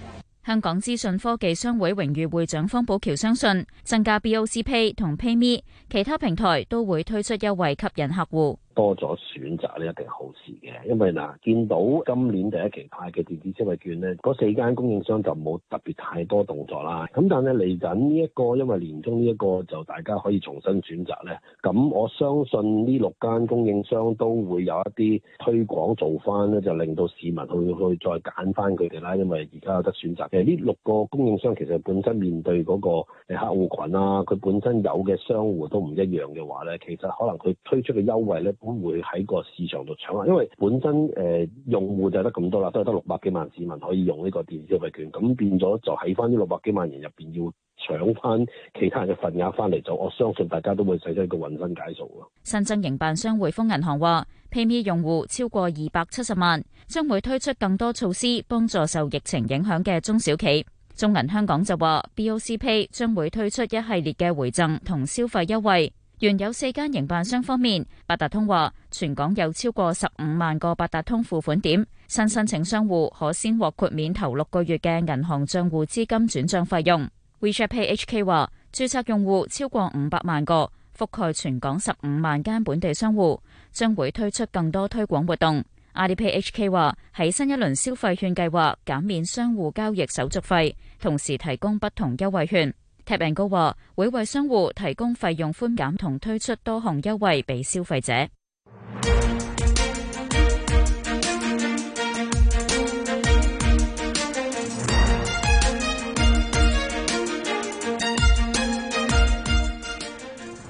香港資訊科技商會榮譽會長方寶橋相信，增加 BOC Pay 同 PayMe 其他平台都會推出優惠吸引客戶。多咗選擇咧，一定好事嘅，因為嗱，見到今年第一期派嘅電子消費券咧，嗰四間供應商就冇特別太多動作啦。咁但係嚟緊呢一個，因為年中呢一個就大家可以重新選擇咧。咁我相信呢六間供應商都會有一啲推廣做翻咧，就令到市民去去再揀翻佢哋啦。因為而家有得選擇嘅呢六個供應商其實本身面對嗰個客戶群啊，佢本身有嘅商戶都唔一樣嘅話咧，其實可能佢推出嘅優惠咧。咁會喺個市場度搶啦，因為本身誒、呃、用戶就得咁多啦，都係得六百幾萬市民可以用呢個電子消費券，咁變咗就喺翻呢六百幾萬人入邊要搶翻其他人嘅份額翻嚟，就我相信大家都會使出一個渾身解數咯。新增營辦商匯豐銀行話，PayMe 用戶超過二百七十萬，將會推出更多措施幫助受疫情影響嘅中小企。中銀香港就話，BoC Pay 將會推出一系列嘅回贈同消費優惠。原有四間營辦商方面，八達通話全港有超過十五萬個八達通付款點，新申請商戶可先獲豁免頭六個月嘅銀行賬戶資金轉賬費用。WeChat Pay HK 話註冊用戶超過五百萬個，覆蓋全港十五萬間本地商戶，將會推出更多推廣活動。Alipay HK 話喺新一輪消費券計劃減免商戶交易手續費，同時提供不同優惠券。踢命哥話：會為商戶提供費用寬減，同推出多項優惠俾消費者。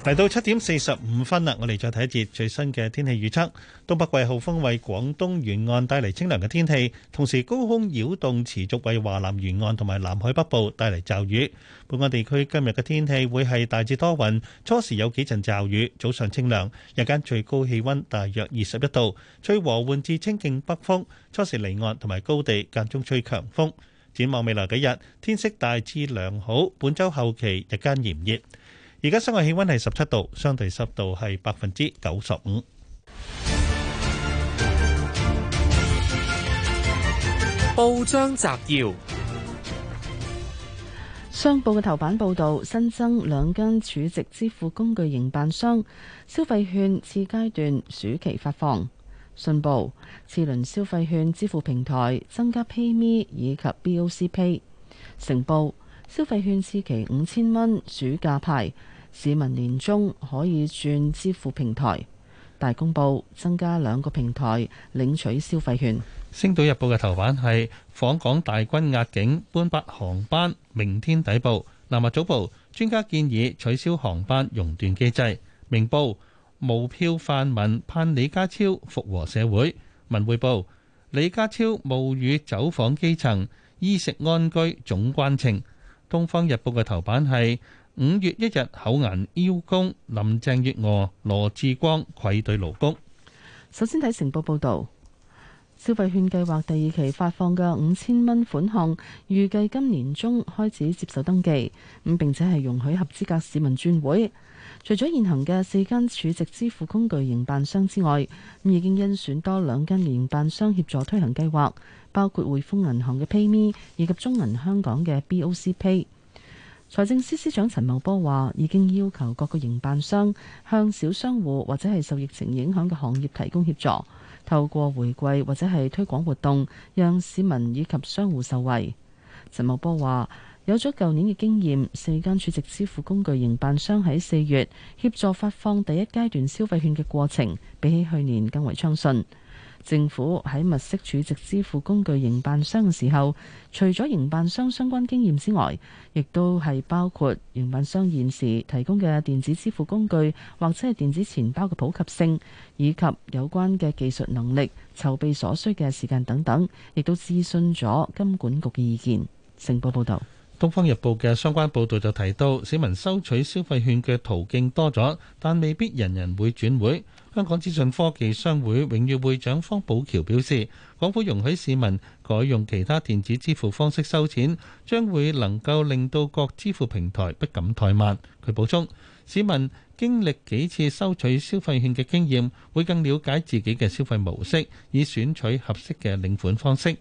嚟到七點四十五分啦，我哋再睇一節最新嘅天氣預測。東北季候風為廣東沿岸帶嚟清涼嘅天氣，同時高空擾動持續為華南沿岸同埋南海北部帶嚟驟雨。本港地區今日嘅天氣會係大致多雲，初時有幾陣驟雨，早上清涼，日間最高氣溫大約二十一度，吹和緩至清勁北風，初時離岸同埋高地間中吹強風。展望未來幾日，天色大致良好，本周後期日間炎熱。而家室外氣溫係十七度，相對濕度係百分之九十五。報章摘要：商報嘅頭版報導新增兩間儲值支付工具營辦商，消費券次階段暑期發放。信報：次輪消費券支付平台增加 PayMe 以及 BoC Pay。成報：消費券次期五千蚊暑假派。市民年中可以轉支付平台。大公報增加兩個平台領取消費券。星島日報嘅頭版係訪港大軍壓境，半百航班明天抵埗。南華早報專家建議取消航班熔斷機制。明報無票泛民盼李家超復和社會。文匯報李家超冒雨走訪基層衣食安居總關情。東方日報嘅頭版係。五月一日口言邀功，林鄭月娥、羅致光愧對勞工。首先睇成報報道，消費券計劃第二期發放嘅五千蚊款項，預計今年中開始接受登記，咁並且係容許合資格市民轉會。除咗現行嘅四間儲值支付工具營辦商之外，已經甄選多兩間營辦商協助推行計劃，包括匯豐銀行嘅 PayMe 以及中銀香港嘅 BOCP。財政司司長陳茂波話，已經要求各個營辦商向小商戶或者係受疫情影響嘅行業提供協助，透過回饋或者係推廣活動，讓市民以及商戶受惠。陳茂波話，有咗舊年嘅經驗，四間儲值支付工具營辦商喺四月協助發放第一階段消費券嘅過程，比起去年更為暢順。政府喺物色儲值支付工具營辦商嘅時候，除咗營辦商相關經驗之外，亦都係包括營辦商現時提供嘅電子支付工具或者係電子錢包嘅普及性，以及有關嘅技術能力、籌備所需嘅時間等等，亦都諮詢咗金管局嘅意見。成報報道東方日報嘅相關報道就提到，市民收取消費券嘅途徑多咗，但未必人人會轉會。香港資訊科技商會榮譽會長方寶橋表示，港府容許市民改用其他電子支付方式收錢，將會能夠令到各支付平台不敢怠慢。佢補充，市民經歷幾次收取消費券嘅經驗，會更了解自己嘅消費模式，以選取合適嘅領款方式。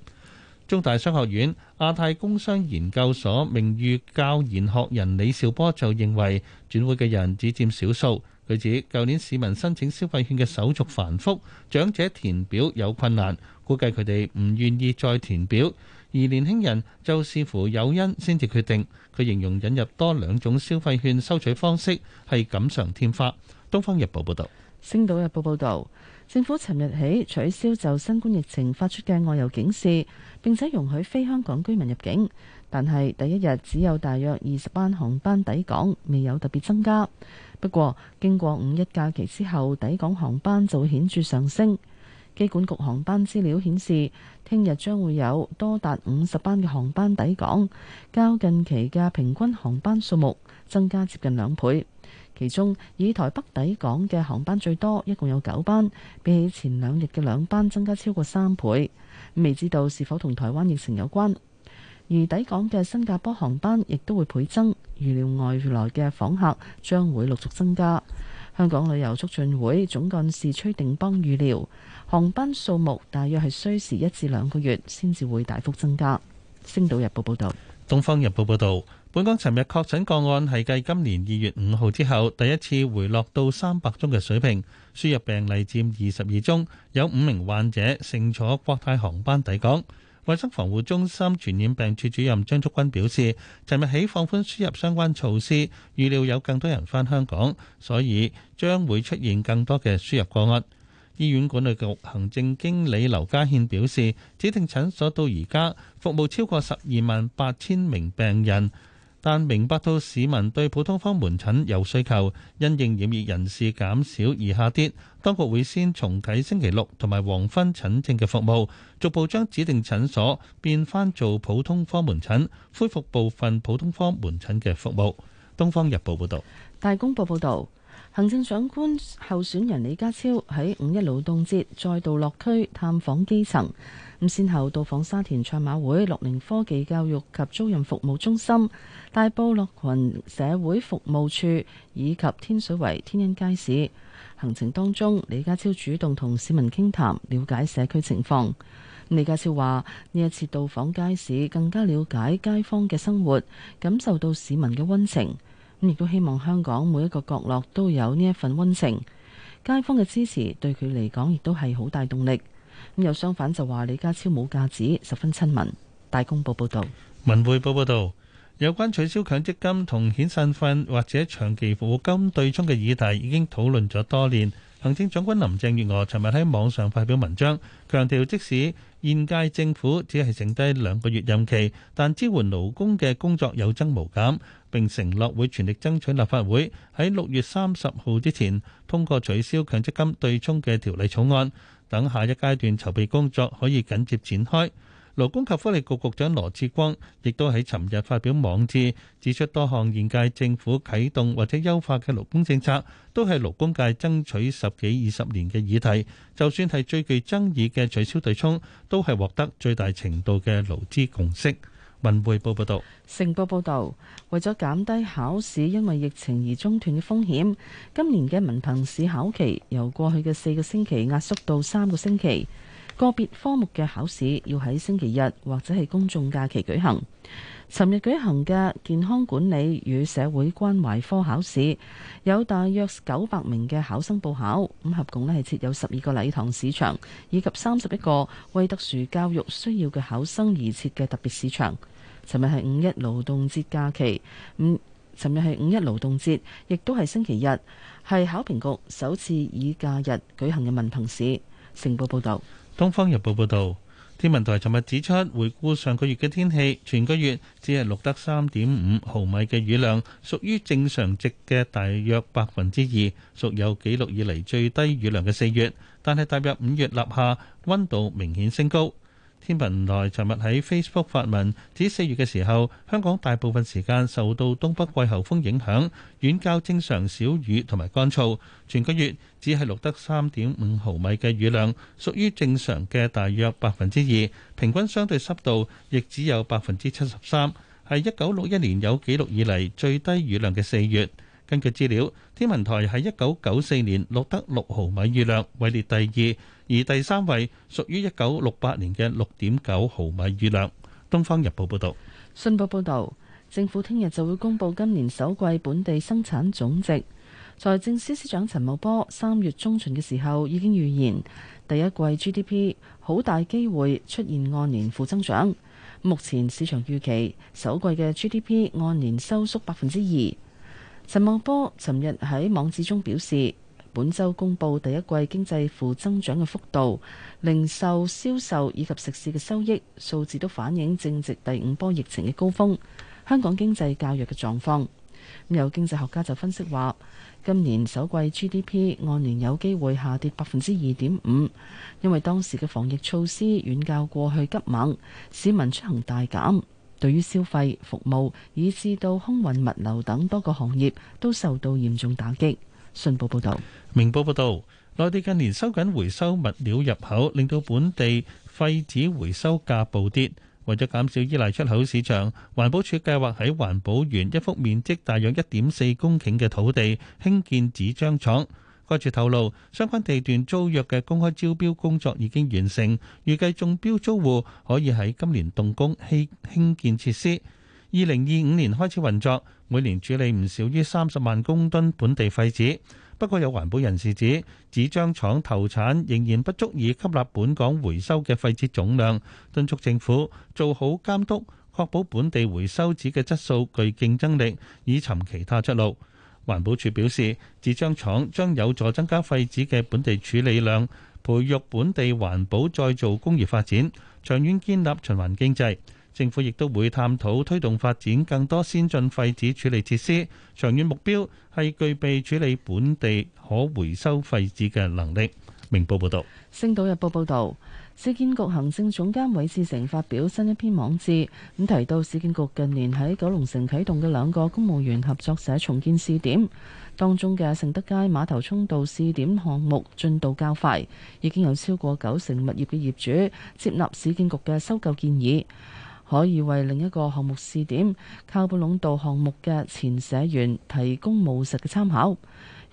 中大商學院亞太工商研究所名譽教研學人李兆波就認為，轉會嘅人只佔少數。佢指，舊年市民申請消費券嘅手續繁複，長者填表有困難，估計佢哋唔願意再填表；而年輕人就視乎有因先至決定。佢形容引入多兩種消費券收取方式係錦上添花。《東方日報》報道。《星島日報》報道。政府尋日起取消就新冠疫情發出嘅外遊警示，並且容許非香港居民入境。但係第一日只有大約二十班航班抵港，未有特別增加。不過經過五一假期之後，抵港航班就會顯著上升。機管局航班資料顯示，聽日將會有多達五十班嘅航班抵港，較近期嘅平均航班數目增加接近兩倍。其中以台北抵港嘅航班最多，一共有九班，比起前兩日嘅兩班增加超過三倍。未知道是否同台灣疫情有關。而抵港嘅新加坡航班亦都會倍增，預料外來嘅訪客將會陸續增加。香港旅遊促進會總幹事崔定邦預料，航班數目大約係需時一至兩個月先至會大幅增加。星島日報報道，東方日報報道。本港尋日確診個案係繼今年二月五號之後第一次回落到三百宗嘅水平，輸入病例佔二十二宗，有五名患者乘坐國泰航班抵港。衞生防護中心傳染病處主任張竹君表示，尋日起放寬輸入相關措施，預料有更多人返香港，所以將會出現更多嘅輸入個案。醫院管理局行政經理劉家憲表示，指定診所到而家服務超過十二萬八千名病人。但明白到市民對普通科門診有需求，因應染疫人士減少而下跌，當局會先重啟星期六同埋黃昏診症嘅服務，逐步將指定診所變翻做普通科門診，恢復部分普通科門診嘅服務，東方日報報道。大公報報道，行政長官候選人李家超喺五一勞動節再度落區探訪基層，咁先後到訪沙田賽馬會六寧科技教育及租賃服務中心，大埔樂群社會服務處以及天水圍天恩街市。行程當中，李家超主動同市民傾談，了解社區情況。李家超話：呢一次到訪街市，更加了解街坊嘅生活，感受到市民嘅溫情。咁亦都希望香港每一個角落都有呢一份溫情。街坊嘅支持對佢嚟講亦都係好大動力。咁有相反就話李家超冇架子，十分親民。大公報報道。文匯報報導。有關取消強積金同遣散費或者長期服務金對沖嘅議題已經討論咗多年。行政長官林鄭月娥尋日喺網上發表文章，強調即使現屆政府只係剩低兩個月任期，但支援勞工嘅工作有增無減。並承諾會全力爭取立法會喺六月三十號之前通過取消強積金對沖嘅條例草案，等下一階段籌備工作可以緊接展開。勞工及福利局局長羅致光亦都喺尋日發表網誌，指出多項現屆政府啟動或者優化嘅勞工政策，都係勞工界爭取十幾二十年嘅議題。就算係最具爭議嘅取消對沖，都係獲得最大程度嘅勞資共識。文匯報報道，成報報道，為咗減低考試因為疫情而中斷嘅風險，今年嘅文憑試考期由過去嘅四個星期壓縮到三個星期。個別科目嘅考試要喺星期日或者係公眾假期舉行。尋日舉行嘅健康管理與社會關懷科考試，有大約九百名嘅考生報考。咁合共咧係設有十二個禮堂市場，以及三十一個為特殊教育需要嘅考生而設嘅特別市場。尋日係五一勞動節假期，咁、嗯、尋日係五一勞動節，亦都係星期日，係考評局首次以假日舉行嘅文憑試。成報報道。《東方日報》報導，天文台尋日指出，回顧上個月嘅天氣，全個月只係錄得三點五毫米嘅雨量，屬於正常值嘅大約百分之二，屬有記錄以嚟最低雨量嘅四月。但係大約五月立夏，溫度明顯升高。天文台尋日喺 Facebook 發文，指四月嘅時候，香港大部分時間受到東北季候風影響，遠較正常少雨同埋乾燥。全個月只係錄得三點五毫米嘅雨量，屬於正常嘅大約百分之二。平均相對濕度亦只有百分之七十三，係一九六一年有記錄以嚟最低雨量嘅四月。根據資料，天文台喺一九九四年錄得六毫米雨量，位列第二，而第三位屬於一九六八年嘅六點九毫米雨量。《東方日報》報導，信報報導，政府聽日就會公布今年首季本地生產總值。財政司司長陳茂波三月中旬嘅時候已經預言，第一季 GDP 好大機會出現按年負增長。目前市場預期首季嘅 GDP 按年收縮百分之二。陳茂波尋日喺網誌中表示，本周公布第一季經濟負增長嘅幅度、零售銷售以及食肆嘅收益數字，都反映正值第五波疫情嘅高峰，香港經濟較弱嘅狀況。咁有經濟學家就分析話，今年首季 GDP 按年有機會下跌百分之二點五，因為當時嘅防疫措施遠較過去急猛，市民出行大減。對於消費、服務，以至到空運、物流等多個行業都受到嚴重打擊。信報報道，明報報道，內地近年收緊回收物料入口，令到本地廢紙回收價暴跌。為咗減少依賴出口市場，環保署計劃喺環保園一幅面積大約一點四公頃嘅土地興建紙張廠。該處透露，相關地段租約嘅公開招標工作已經完成，預計中標租戶可以喺今年動工興建設施，二零二五年開始運作，每年處理唔少於三十萬公噸本地廢紙。不過有環保人士指，紙張廠投產仍然不足以吸納本港回收嘅廢紙總量，敦促政府做好監督，確保本地回收紙嘅質素具競爭力，以尋其他出路。環保署表示，紙漿廠將有助增加廢紙嘅本地處理量，培育本地環保再造工業發展，長遠建立循環經濟。政府亦都會探討推動發展更多先進廢紙處理設施，長遠目標係具備處理本地可回收廢紙嘅能力。明報報道。星島日報報道。市建局行政總監韋志成發表新一篇網誌，咁提到市建局近年喺九龍城啟動嘅兩個公務員合作社重建試點，當中嘅盛德街馬頭涌道試點項目進度較快，已經有超過九成物業嘅業主接納市建局嘅收購建議，可以為另一個項目試點靠背壟道項目嘅前社員提供務實嘅參考。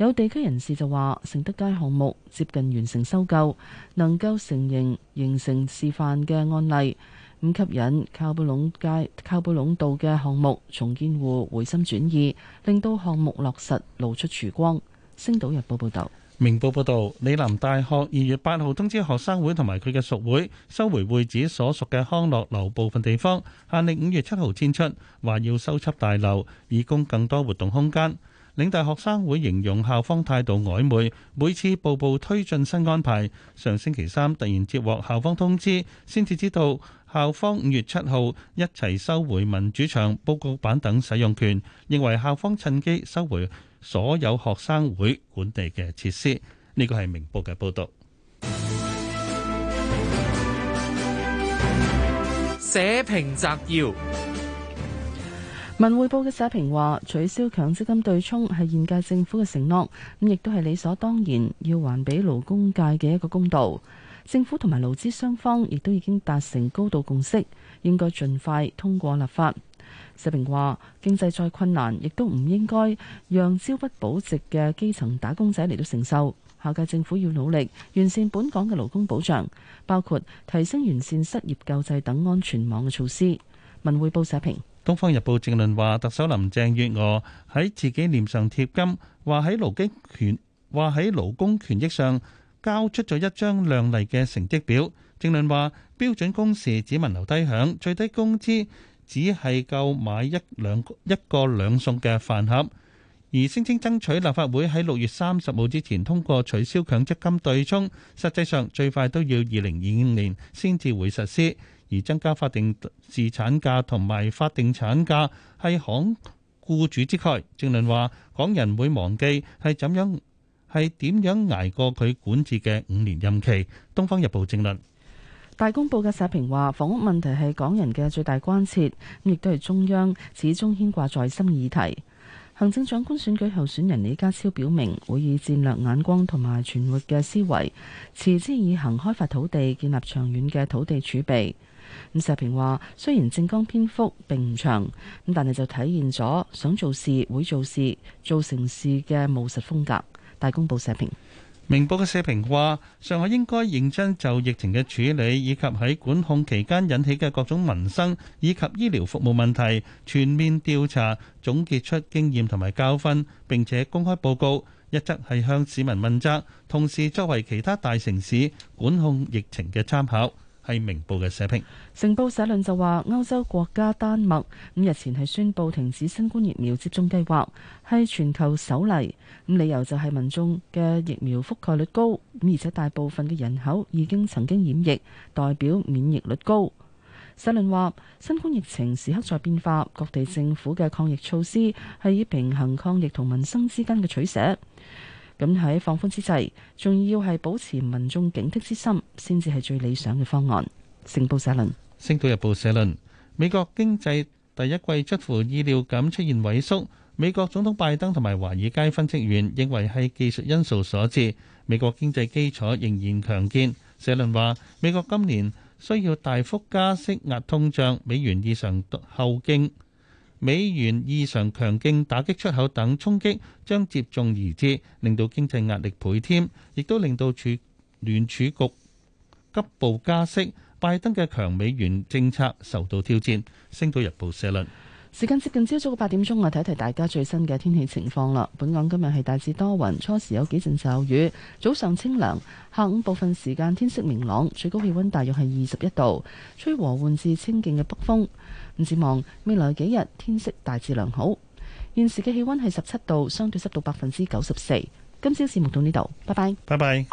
有地區人士就話：盛德街項目接近完成收購，能夠成形形成示範嘅案例，咁吸引靠背壟街、靠背壟道嘅項目重建戶回心轉意，令到項目落實露出曙光。星島日報報道：明報報道，嶺南大學二月八號通知學生會同埋佢嘅屬會收回會址所屬嘅康樂樓部分地方，限令五月七號遷出，話要收葺大樓以供更多活動空間。領大學生會形容校方態度曖昧，每次步步推進新安排。上星期三突然接獲校方通知，先至知道校方五月七號一齊收回民主牆、報告板等使用權，認為校方趁機收回所有學生會管理嘅設施。呢個係明報嘅報道。社評摘要。文匯報嘅社評話，取消強積金對沖係現屆政府嘅承諾，咁亦都係理所當然要還俾勞工界嘅一個公道。政府同埋勞資雙方亦都已經達成高度共識，應該盡快通過立法。社評話，經濟再困難，亦都唔應該讓朝不保值嘅基層打工仔嚟到承受。下屆政府要努力完善本港嘅勞工保障，包括提升、完善失業救濟等安全網嘅措施。文匯報社評。《東方日報》正論話，特首林鄭月娥喺自己臉上貼金，話喺勞工權話喺勞工權益上交出咗一張亮麗嘅成績表。正論話，標準工時只聞樓梯響，最低工資只係夠買一兩一個兩餸嘅飯盒，而聲稱爭取立法會喺六月三十號之前通過取消強積金對沖，實際上最快都要二零二五年先至會實施。而增加法定侍產假同埋法定產假係慷雇主之慨。正論話，港人會忘記係怎樣係點樣挨過佢管治嘅五年任期。《東方日報》正論。大公報嘅社評話：房屋問題係港人嘅最大關切，咁亦都係中央始終牽掛在心嘅議題。行政長官選舉候選人李家超表明會以戰略眼光同埋存活嘅思維，持之以恆開發土地，建立長遠嘅土地儲備。咁社評話，雖然政綱篇幅並唔長，咁但係就體現咗想做事、會做事、做成事嘅務實風格。大公報社評。明報嘅社評話，上海應該認真就疫情嘅處理以及喺管控期間引起嘅各種民生以及醫療服務問題，全面調查總結出經驗同埋教訓，並且公開報告，一則係向市民問責，同時作為其他大城市管控疫情嘅參考。係明報嘅社評。成報社論就話歐洲國家丹麥五日前係宣布停止新冠疫苗接種計劃，係全球首例。咁理由就係民眾嘅疫苗覆蓋率高，咁而且大部分嘅人口已經曾經染疫，代表免疫力高。社論話新冠疫情時刻在變化，各地政府嘅抗疫措施係以平衡抗疫同民生之間嘅取捨。咁喺放寬之際，仲要係保持民眾警惕之心，先至係最理想嘅方案。成報社論。星島日報社論，美國經濟第一季出乎意料咁出現萎縮。美國總統拜登同埋華爾街分析員認為係技術因素所致。美國經濟基礎仍然強健。社論話，美國今年需要大幅加息壓通脹，美元已成後勁。美元異常強勁打擊出口等衝擊將接踵而至，令到經濟壓力倍添，亦都令到儲聯儲局急步加息。拜登嘅強美元政策受到挑戰。星島日報社論。時間接近朝早嘅八點鐘，我睇一睇大家最新嘅天氣情況啦。本港今日係大致多雲，初時有幾陣驟雨，早上清涼，下午部分時間天色明朗，最高氣溫大約係二十一度，吹和緩至清勁嘅北風。唔指望未來幾日天色大致良好。現時嘅氣溫係十七度，相對濕度百分之九十四。今朝節目到呢度，拜拜，拜拜。